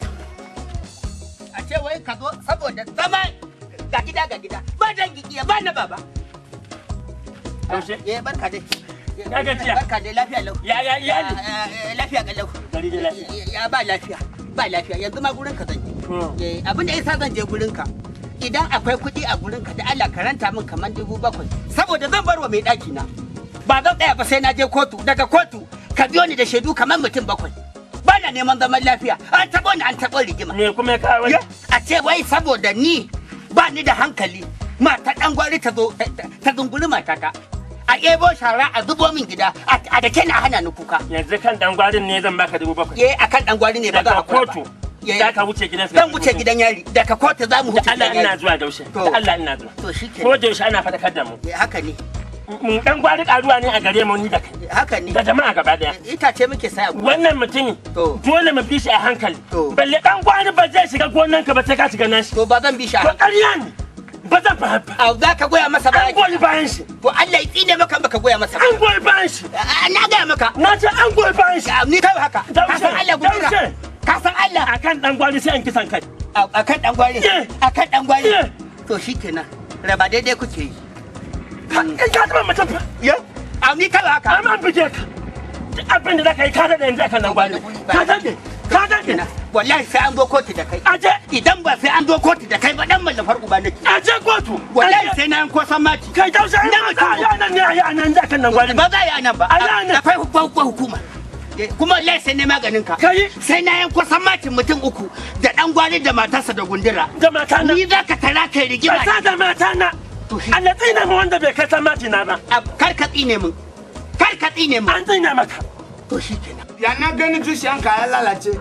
a ce wai ka zo saboda zama ga gida ga gida ba dangi iya ba na baba. Yaushe? Eh barka dai. Ya Ya ya iyali. Lafiya ga lau. Gari ba lafiya. Ba lafiya yanzu ma gurin ka zan je. Hmm. Eh, abin da yasa zan je gurin ka. Idan akwai kuɗi a gurin ka da Allah karanta min kamar dubu bakwai. Saboda zan bar wa mai ɗaki na. Ba zan tsaya ba sai na je kotu daga kotu ka biyo ni da shaidu kamar mutum bakwai. bana neman zaman lafiya an taɓo ni an taɓo rigima. Me kuma ya kawo A ce wai saboda ni ba ni da hankali mata ɗan gwari ta zo ta zunguri matata. a ebo shara a zubo min gida a da na hana ni kuka yanzu kan dan gwarin ne zan baka dubu bakwai eh akan dan gwarin ne ba za a kotu da eh, ka wuce gidan zan wuce gidan yari daga koto za mu wuce gidan yari Allah ina zuwa daushe da Allah ina zuwa to shike ko daushe ana fadakar da mu eh haka ne mun dan gwarin karuwa ne a gare mu ni da kai eh, haka ne da jama'a gaba daya eh, ce muke sai abu wannan mutumi dole mu bi shi a hankali balle dan gwarin ba zai shiga gonan ka ba sai ka shiga nashi to ba zan bi shi a hankali ƙarya ne ba zan ba ba za ka goya masa ba an goyi bayan shi to Allah ya tsine maka baka goya masa an goyi bayan shi na gaya maka na ce an goyi bayan shi ni kai haka ka san Allah gudura ka san Allah akan dan gwari sai an kisan kai akan dan gwari akan dan gwari to shikenan raba daidai kuke yi ka taba mutum fa ya ni kai haka an bije ka abin da zaka yi ka da yanzu akan dan gwari ka dade ka dade wallahi sai an zo kotu da kai aje idan ba sai an zo kotu da kai ba dan mallafar uba nake aje kotu wallahi sai na yan san mati kai taushe ina mutum ya nan ne ya nan da kan nan gwari ba za ya nan ba da fai hukuma hukuma eh, kuma wallahi sai ne maganin ka kai sai na yanko san matin mutum uku da dan gwari da matarsa da gundura da mata na ni za ka tara kai rigima ta da mata na Allah tsina mu wanda bai kai san na. ba kar ka tsine mun kar ka tsine mun an tsina maka to shikenan ya na ganin zuciyanka ya lalace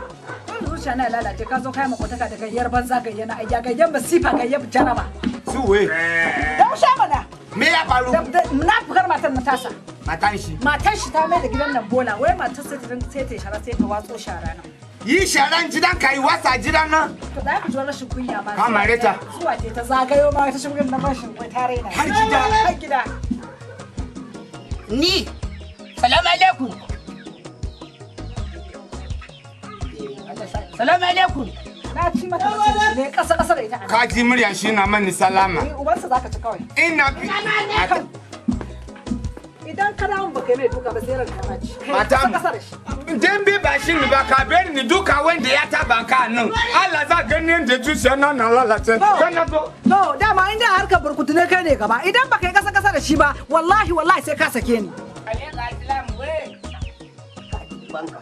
zuciya na lalace ka zo kai makwataka da gayyar banza gayya na ayya gayyar masifa gayyar jaraba su we don sha mana me ya faru na fukar matar matasa matan shi matan shi ta mai da gidan nan bola wai matar sai ta sai ta shara sai ta watso shara nan yi sharan gidan ka yi wasa gidan nan to da ku ji rashin kunya ma kama reta zuwa ce ta zagayo ma ta shugin na bashin ko ta raina har gida har gida ni salamu alaikum salamu alaikum na ci mata ne kasa kasa da ita ka ji murya shi na mani salama ni eh, ubansa zaka ci kawai ina fi idan ka dawo baka mai duka ba sai ranka ma ci mata ba shi ni ba ka bari ni duka wanda ya taba ka nan Allah za gani yadda zuciya na na lalace kana to to dama inda harkar burkutu ne kai ne gaba idan ba yi kasa kasa da shi ba wallahi wallahi sai ka sake ni banka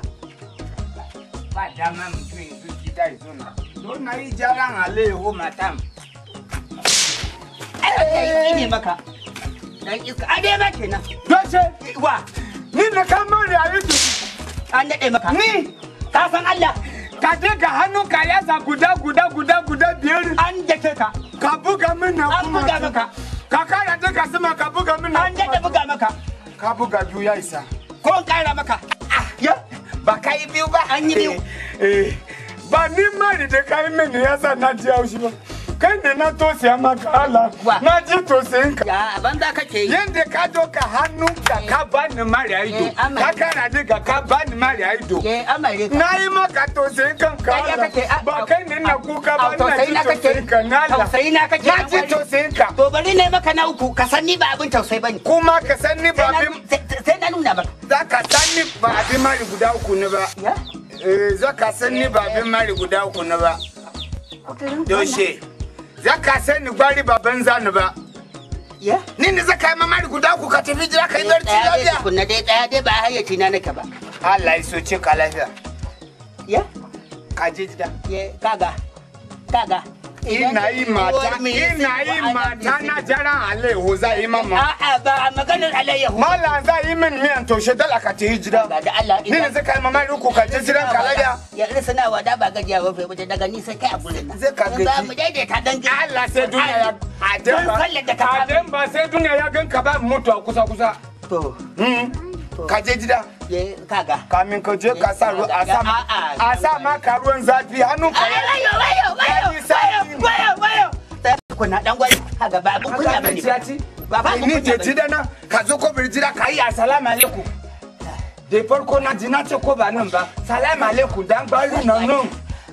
ba dama mutum ya zo gida ya zauna don na yi jaran alayyaho matam aiki ne eh. maka dan iska a dai maka na doshe eh, wa ni na kama da yi an daɗe maka ni ka san Allah ka je ka hannu ka yasa guda guda guda guda biyar an dake ka ka buga min kuma an buga maka ka kara je ka sama ka buga min na an daɗe buga maka ka buga juya isa ko in kara maka ah, ya ba ka yi biyu ba an yi biyu eh, eh, ba ni ma da ta kayan mai ne ya sa na ji haushi ba kai ne na tosiya maka Allah na ji to tosiyin ka ya banza kake yi yanda ka doka hannunka ka ka eh. bani mariya ido eh, ka kara ji ka ka bani mariya ido eh, na yi maka to tosiyin kanka Allah ba kai ne na kuka ba na ji tosiyin ka na Allah na ji to tosiyin ka to bari ne maka na uku ka sanni ba abin tausayi bane kuma ka sanni ba abin sai na nuna ba za ka sanni ba abin mari guda uku ne ba za ka sanni ba abin mari guda uku ne ba Doshe. zaka sai ni gwari ba banza ni ba ni ni zaka yi mamari guda ku ka tafi jira ka yi barci lafiya kunna dai daya dai ba hayyaci na nake ba Allah ya so ce ka lafiya ya ka je gida kaga kaga ina yi mata ina yi mata na jaran alayyahu za yi mama a ba maganar alayyahu mala za yi min miyan toshe dala ka ta hijira ni ne zai mama ruku ka ta jiran kalaya ya ina sana wada ba gajiya ba fa mutum daga nisa kai a gurin nan zai ka gaji za mu daidaita dan gida Allah sai duniya ya adan ba adan ba sai duniya ya ba mutuwa kusa kusa hmm? to ka je kamin ka je ka sa ruwa a sa ma ka ruwan zafi hannun ka ya wayo wayo wayo wayo wayo kuna dan gwai kaga ba abun kunya bane ba ba ni je jida na ka zo ko birjira ka yi assalamu alaikum da farko na ji na ce ko ba nan ba salamu alaikum dan gwari nan nan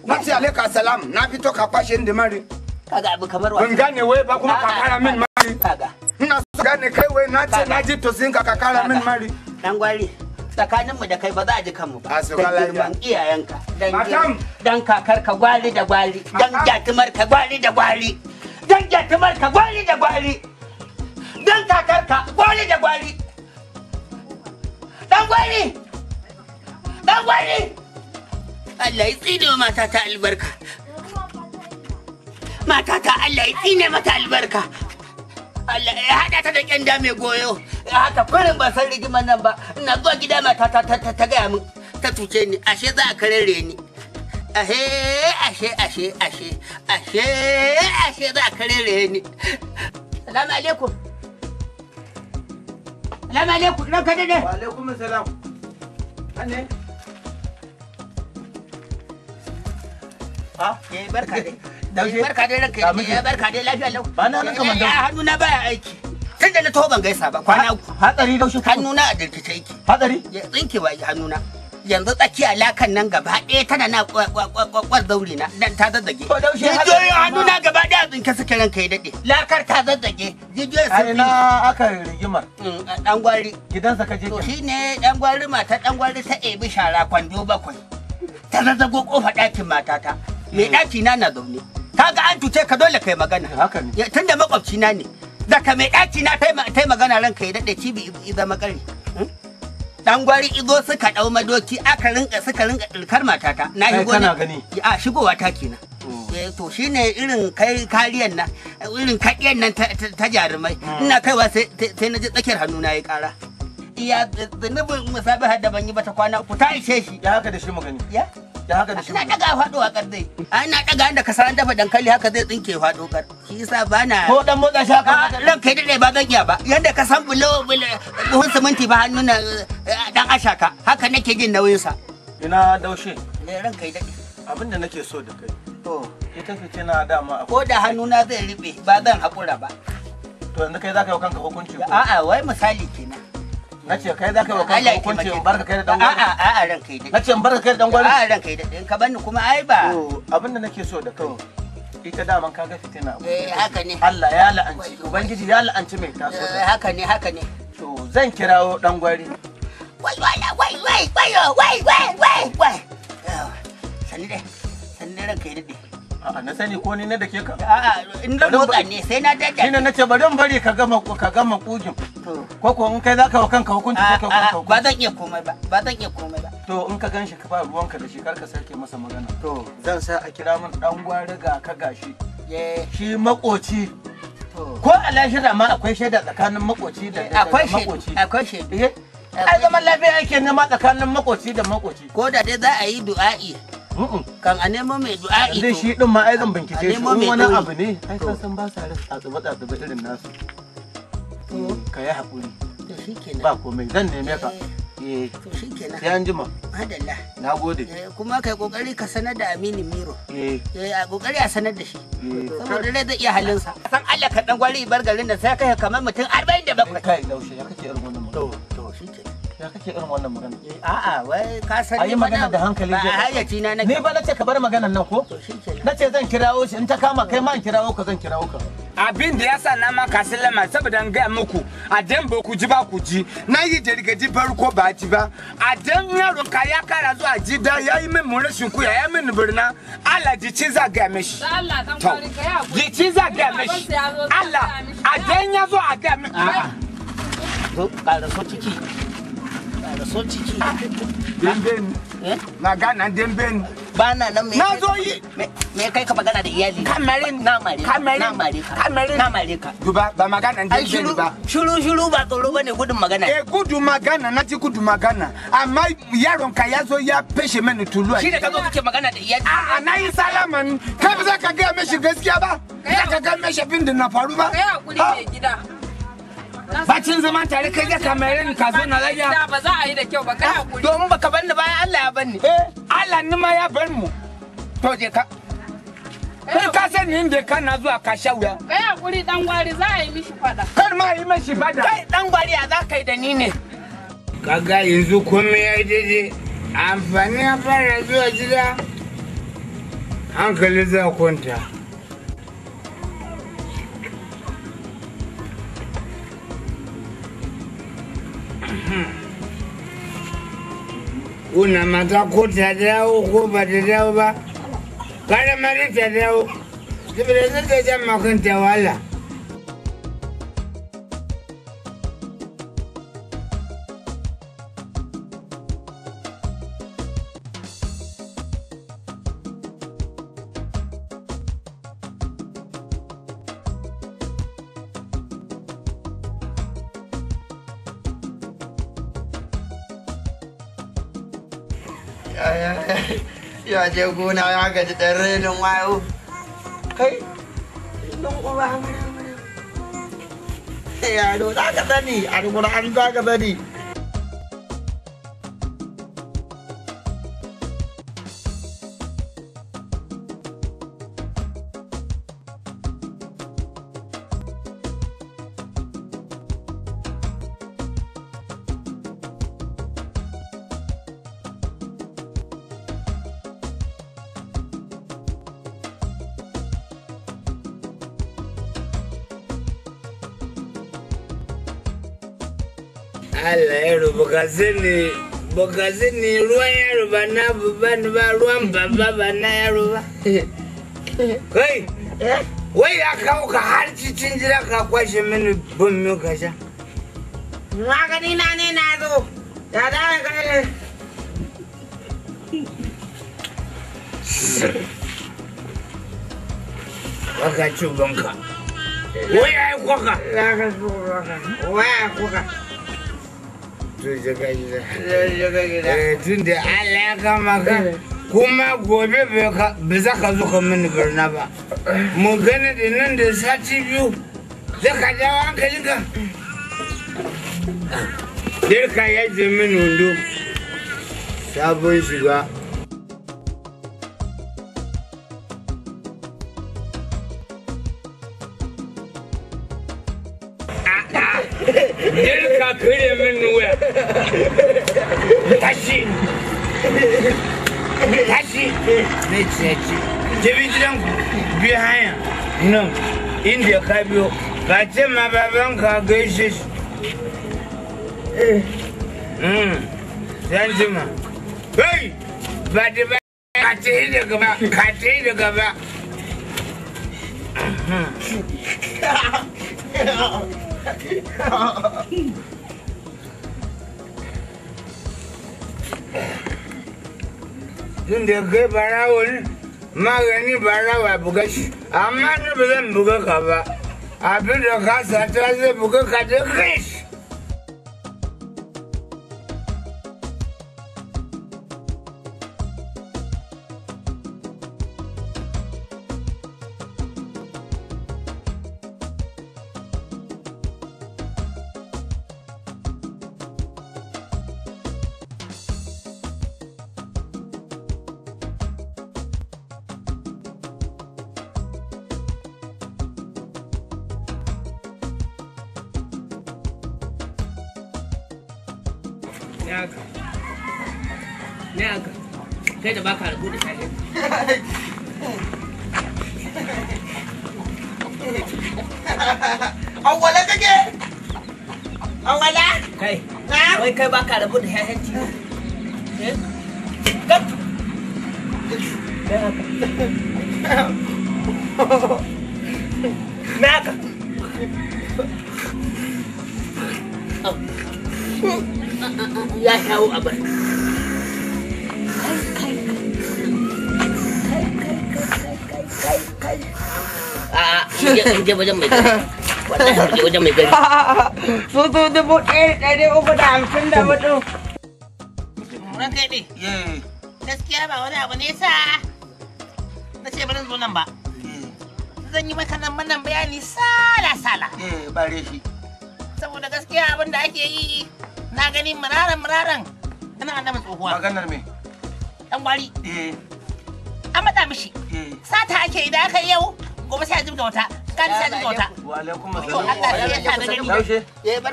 na ce alaika salam na fito ka kwashe inda mari kaga abu kamar wani ban gane wai ba kuma ka kara min mari kaga ina so gane kai wai na ce na ji to sin ka ka kara min mari dan gwari tsakaninmu da kai ba za a ji kanmu ba. Da girman iyayenka. Dan kakar ka gwali da gwali. Dan jatumar ka gwali da gwali. Dan jatumar ka gwali da gwali. Dan kakar ka gwali da gwali. Dan gwali. Dan gwali. Allah ya tsine wa mata ta albarka. Mata ta Allah ya tsine mata albarka. Allah ya haɗa ta da ƙyanda mai goyo. Haka kurin ba san rigimar nan ba. Ina zuwa gida mata ta ta ta gaya min ta tuce ni ashe za a karere ni. Ashe ashe ashe ashe ashe ashe za a karere reni. Salamu alaikum. Salamu alaikum. Ranka dade. Wa alaikum salam. Ane. Ha? Eh barka dai. daushe barka dai ranka ya barka dai lafiya lau ba na nan kamar daushe hannu na baya aiki tun da na taho ban gaisa ba kwana uku hatsari daushe hannu na a dirkice yake hatsari ya tsinkewa hannu na yanzu tsakiya lakan nan gaba ɗaya tana na kwakwar zaure na dan ta zazzage. Jijiyoyin hannu na gaba ɗaya tsinke suke ranka ya daɗe. Lakar ta zazzage. Jijiyoyin sun fi. na aka rigimar. Mm, ɗan gwari. Gidansa ka je. To shi ne ɗan gwari mata ɗan gwari ta ebi shara kwando bakwai. Ta zazzago kofa ɗakin matata. Mai ɗaki na na zaune. kaga an tuce ka dole kai magana tunda makwabci na ne ka mai ɗaki na tai magana ranka ya daɗe cibi iza makari dan hmm? gwari izo suka dau madoki aka rinka suka rinka dilkar matata na shigo kana gani a shigowa ta kenan hmm. eh, to shine irin kai kariyan nan irin kadiyan nan ta jarumai hmm. ina kaiwa sai na ji tsakiyar hannu na yi kara iya zanubin musabihar da ban yi ba ta kwana ku ta ishe shi ya haka da shi magani ya da haka da shi na daga faɗo a kar dai ai na daga inda ka san dafa dankali haka zai tsinke faɗo kar shi yasa ba ko dan motsa shi haka ran kai dai ba zan iya ba yanda ka san bulo buhun siminti ba hannun dan eh, ashaka haka nake jin nauyin sa ina daushe ne eh, ran kai dai abin da nake so da kai to ita ce kina ma. ko da hannuna zai ribe ba zan haƙura ba to yanzu kai zaka yi kanka hukunci ko a'a wai misali kenan na nace kai zaka ba kanka hukunci in barka kai da dan gwari a a ran kai da dai nace in barka kai da dan gwari a ran kai da in ka banni kuma ai ba da nake so da kawai ita daman kaga fitina eh haka ne Allah ya la'anci ubangiji ya la'anci mai taso eh haka ne haka ne to zan kirawo dan gwari wai wai wai wai wai wai wai wai wai sani dai kai ranka dai A'a na sani ko ni na da ke ka? A'a in da motsa ne sai na Ni na ce bari in bari ka gama ka gama kugin. Ko ko in kai zaka wa kanka hukunci sai ka kanka. Ba zan iya komai ba. Ba zan iya komai ba. To in ka ganshi ka ba ruwanka da shi kar ka sake masa magana. To zan sa a kira min dan gwari ga ka gashi. Shi makoci. Ko a lashira ma akwai shaida tsakanin makoci da makoci. Akwai shaida. Eh, ai zaman lafiya yake nema tsakanin makoci da makoci. Ko da dai za a yi du'a'i. kan a nemo mai du'a'i zai shi din ma ai zan bincike shi kuma wani abu ne ai san san ba sa rasa tsatsube tsatsube irin nasu eh, ka yi haƙuri ba komai zan neme ka eh. Eh. sai an jima adalla na gode kuma kai kokari ka sanar da aminu miro a kokari a sanar da shi saboda rai zai iya halinsa san allah ka dan gwari bar garin da sai kai kamar mutum arba'in da bakwai kai laushe ya kake irin wannan ya kake irin wannan magana eh, a'a wai ka san magana da hankali ba hayyaci na ni ba nace ka bar maganan nan ko nace zan kirawo shi in ta kama kai ma in kirawo ka zan kirawo ka abin da yasa na ma kasilama saboda an gaya muku a dan ba ku ji ba ku ji na yi jirgaji farko ba ji ba a dan yaron ka ya kara zuwa ji da ya yi min murashin ku ya yi min birna ala jici za ga mishi Allah jici za ga mishi a dan ya zo a ga mishi zo so ciki Demben. Magana eh? demben. Bana nan me. Na zo yi. Me kai ka magana da iyali? Kamarin. Na mare. Kamarin. Na mare ka. Kamarin. Na mare ka. Duba ba magana ba. Shuru shuru ba tsoro bane gudun magana. Eh gudu magana na ci gudu magana. Amma yaron ka ya zo ya feshe ani tuluwa. Shi ka zo kake magana da iyali. A'a na yi salaman. Kai ba za ka ga mishi gaskiya ba. Za ka ga mishi bin da na faru ba. Kai hakuri ne gida. bacin zaman tare kai ga kamarin ka zo na lafiya ba za a yi da kyau ba kai hakuri domin baka bar ni bayan Allah ya bar ni eh Allah ni ma ya bar mu to je ka eh. kai ka san ni inda ka na zuwa ka sha wuya kai hakuri dan gwari za a yi mishi fada kar ma yi mishi fada kai dan gwari a za ka yi da ni ne kaga yanzu komai ya daidai amfani ya fara zuwa gida hankali za kwanta una mata ko ta dawo ko ba da dawo ba kada mari ta dawo saboda zai jan makon ta wala ya je gona ya gaji ɗan renin wayo kai nan uba mana ya za ka sani alƙur'an za ka sani bogazini bogazini ruwan yaro na buba, ba ruwan ba na yaro kai eh? wai ya kawo ka har cikin jira ka kwashe mini bin magani na ne na zo da da ka ne Baka ci banka. ya yi to jaga gida jaga gida tunda Allah ya kama ka eh. kuma gobe ba za ka zo ka mini barna ba mu gani da nan da sati biyu za ka dawo hankalinka dirka ya je min wando sabon shiga sai ya ci jabi gidan bi hanya nan inda ka hmm, ka ce ma baban ka gaishe shi zan jima kai ba da ba ka ce da gaba ka ce da gaba Tun da kai barawo ne, magani bana wa bugashi amma ne bazan buga ka ba abin da ka sa ta zai buga ka da kai mun dubu ɗari uku da hamsin da hudu ran eh. gaskiya ba wani abu ne sa na ce bari zo nan ba eh. zan yi maka nan wannan bayani sala eh, saboda gaskiya abin da ake na gani muraran muraran ana annabi tsohuwa maganar dan eh an mata mishi sata ake idan aka yau gobe sai a jibga wata kani eh, ka eh, sanin mu aka je da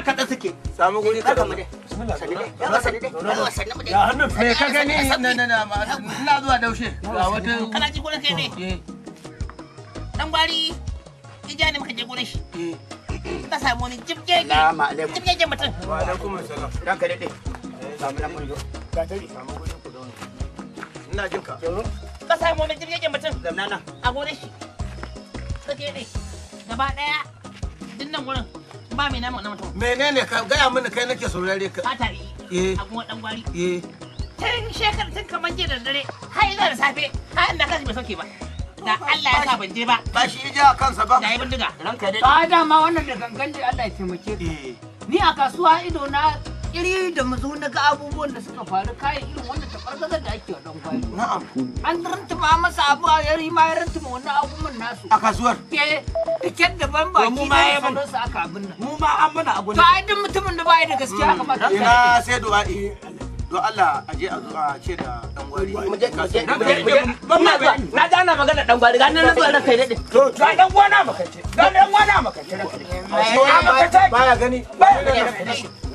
ta zazzage. Samu ka wani jibgege. mutum. Wa alaikum assalam. Dan ka eh, Samu nan mun gatari ina jin ka kasa mu mai jirgin mutum zamna nan a gore shi kake ne gaba daya dinnan wurin ba mai namu na mutum menene ka gaya mini kai nake saurare ka fatari eh a kuma dan gwari eh tun shekar tun kamar jiya da dare har ina da safe har inda kashi bai sauke ba da Allah ya sa ban je ba ba shi ya kansa ba da bindiga ranka dai ba wannan da gangan Allah ya taimake ka eh. ni a kasuwa ido na kiri da mazo na ga abubuwan da suka faru kayan irin wanda tabargazar da ake wa dan kwayo. Na'am. An rintuma masa abu a yari ma ya rintuma wani abubuwan nasu. A kasuwar. Ke tiket da ban baki mu ma ya bano su aka abin nan. Mu ma an mana a gona. To ai duk mutumin da ba da gaskiya aka maka. Mm. Ina sai du'a'i. Don Allah a je a zo ce da dan gwari. Mu je mu je mu je. Na ji ana magana dan gwari ga nan zuwa ranka daɗe. To dan gwana makance. Ga dan gwana makance. Ba ya gani. Ba ya gani.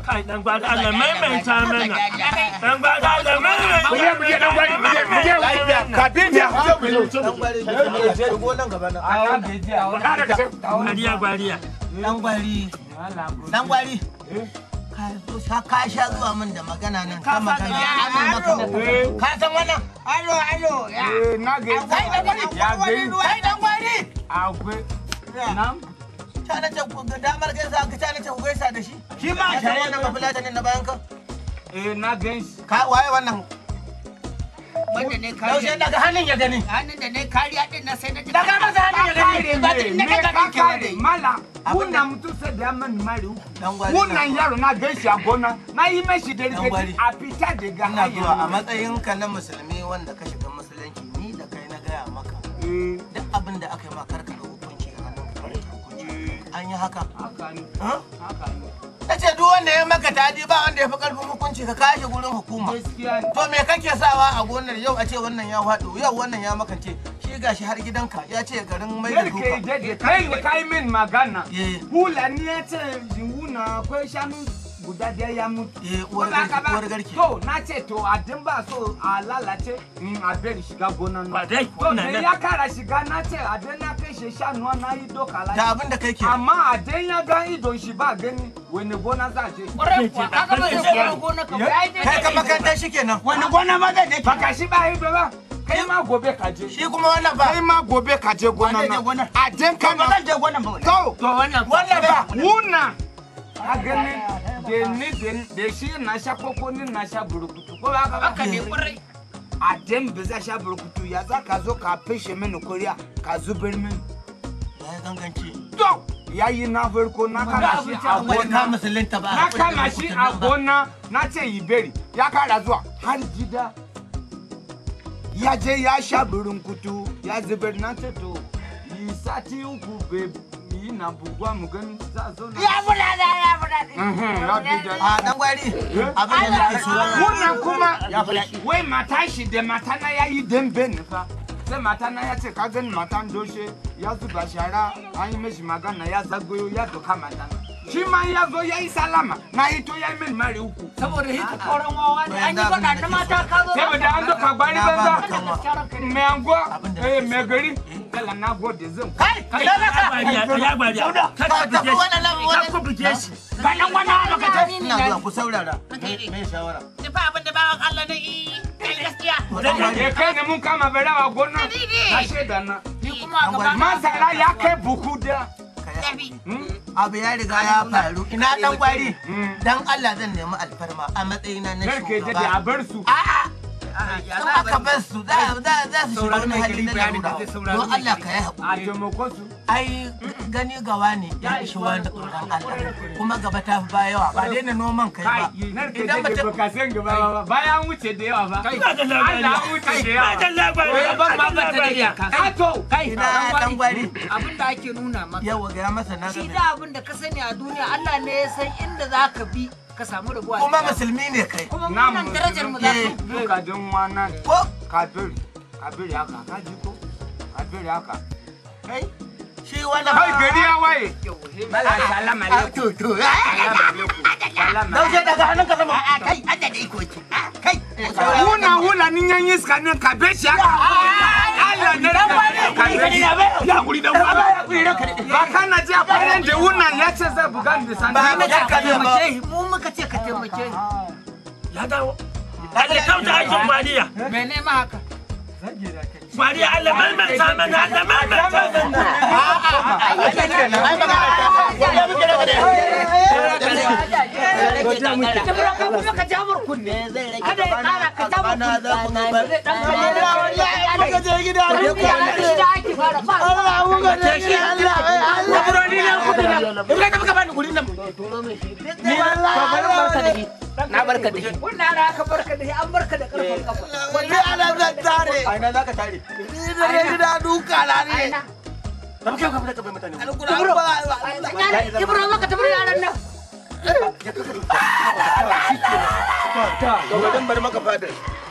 kai dan gwada Allah maimaita mana dan gwada Allah maimaita mu je mu je dan ka bi je mu je mu je dan gwada gwariya gwariya dan gwari dan gwari eh? ka sha zuwa min da magana nan ka magana ana maka eh? ka san wannan alo alo ya eh, na ga ya ga ya ga ya ga ya ga ta ce ka da shi shi ma wannan mafilata ne na bayan ka eh na ka waye wannan wanda ne kariya daga hannun ya gani da ne kariya din na sai na ji daga hannun ya gani ba din ga ne mala da man yaro na a gona na yi mashi da rike a fita daga a matsayin ka na musulmi wanda ka shiga musulunci ni da kai na gaya maka eh. duk abin da aka yi maka an yi haka na ce duk wanda ya maka tadi ba wanda ya fi ƙarfin hukunci ka kashe gurin hukuma to me kake sawa a gonar yau a ce wannan ya faɗo yau wannan ya makance shi gashi har gidanka ya ce garin mai da duka kai ne kai min magana eh. hula ne ya ce jiwuna akwai shanu guda biyar ya mutu. Eh, uwar garki. To, na ce to a din ba so a lalace in a bari shiga gonan. Ba dai, To, me ya kara shiga na ce a din na ce shanuwa na yi doka lai. Da abin da kai ke. Amma a dan ya ga idon shi ba gani wani gona za je. Ƙwarai kuwa ka ga zai ce gona ka Kai ka makantar shi kenan. Wani gona ma zai dake. ka shi ba ido ba. Kai ma gobe ka je. Shi kuma wannan ba. Kai ma gobe ka je gona na. A dan ka na. Ba je gona ba. To. To wannan. Wannan ba. Wuna. A gani. da ni de shi na sha koko ni na sha burukutu. Ko ba ka ba. Haka ne ƙwarai. A dan ba za sha burukutu ya za ka zo ka fishe mini kuriya ka zubar mini. to yayi na farko na kama shi a gona na kama shi a gona na ce yi beri ya kara zuwa har gida ya je ya sha birin kutu ya zubar na ce to yi sati uku babe yi na bugwa mu gani za zo na ya fura da ya fura da a dan gwari eh? abin da kuma wai mata shi da mata na yayi dambe ne fa semhata nayatekagen mhata ndoshe yazubhashara aime zvimhaka nayazaguyu yadzoka mhatana si ma ya zo ya yi salama na hito ya yi min mari uku saboda hito kauran wawa ne an yi faɗa na mata ka zo saboda an zo kwagbari banza mai ango eh, mai gari kala na gode zan kai kai ya bariya ya bariya ka kubuke shi ka kubuke shi ga ka tafi ina zuwa ku saurara mai shawara ki fa abin da bawan Allah na yi kai gaskiya kai ne mun kama barawa gonna ka shedana ni kuma gaba masara ya kai buku da Hmm? abu ya riga ya faru ina dan gwari hmm. dan Allah zan nemi alfarma a matsayina na shugaba a bar su a'a in aka bar su su shiga wani hali na larura don Allah ka yi haƙuri ai gani gawa ne ya ishi wani tsoron Allah kuma gaba ta fi baya yawa ba daina noman kai ba idan ba ta kasan gaba ba ya wuce da yawa ba kai da labari an wuce da yawa da labari ban ma ba ta da iyaka kai to kai ina dan gwari abin da ake nuna maka yawa ga masa na shi da abin da ka sani a duniya Allah ne ya san inda zaka bi ka samu rabuwa kuma musulmi ne kai kuma wannan darajar mu za eh, ka ka don wannan ko ka kafiri haka ka ji ko biri haka kai shi wannan kai gari ya waye malam ah, alaikum to to ah, alaikum ah, salam dauje daga hannun ka sama kai adda dai ko kai Una hula ni nyanyi sikane kabeshi yaka. Ala nera kabeshi. Ya kulida mwana. Bakana je pale ndio una yache za bugandi sana. Ba ka ne mace mu muka ce ka taimake. Ya dawo. Allah kauta aikin baliya. Mene ma haka? Bari Allah mamanta mana Allah Allah na barka da shi wannan ana ka barka da shi an barka da karfin kafa wallahi ana zan tare aina zaka tare ni da ne gida duka la ne dan kai ka fita ka bai mutane alƙur'ani ba Allah ibro maka tabar yaran nan ya kafa ta ga bar maka fadar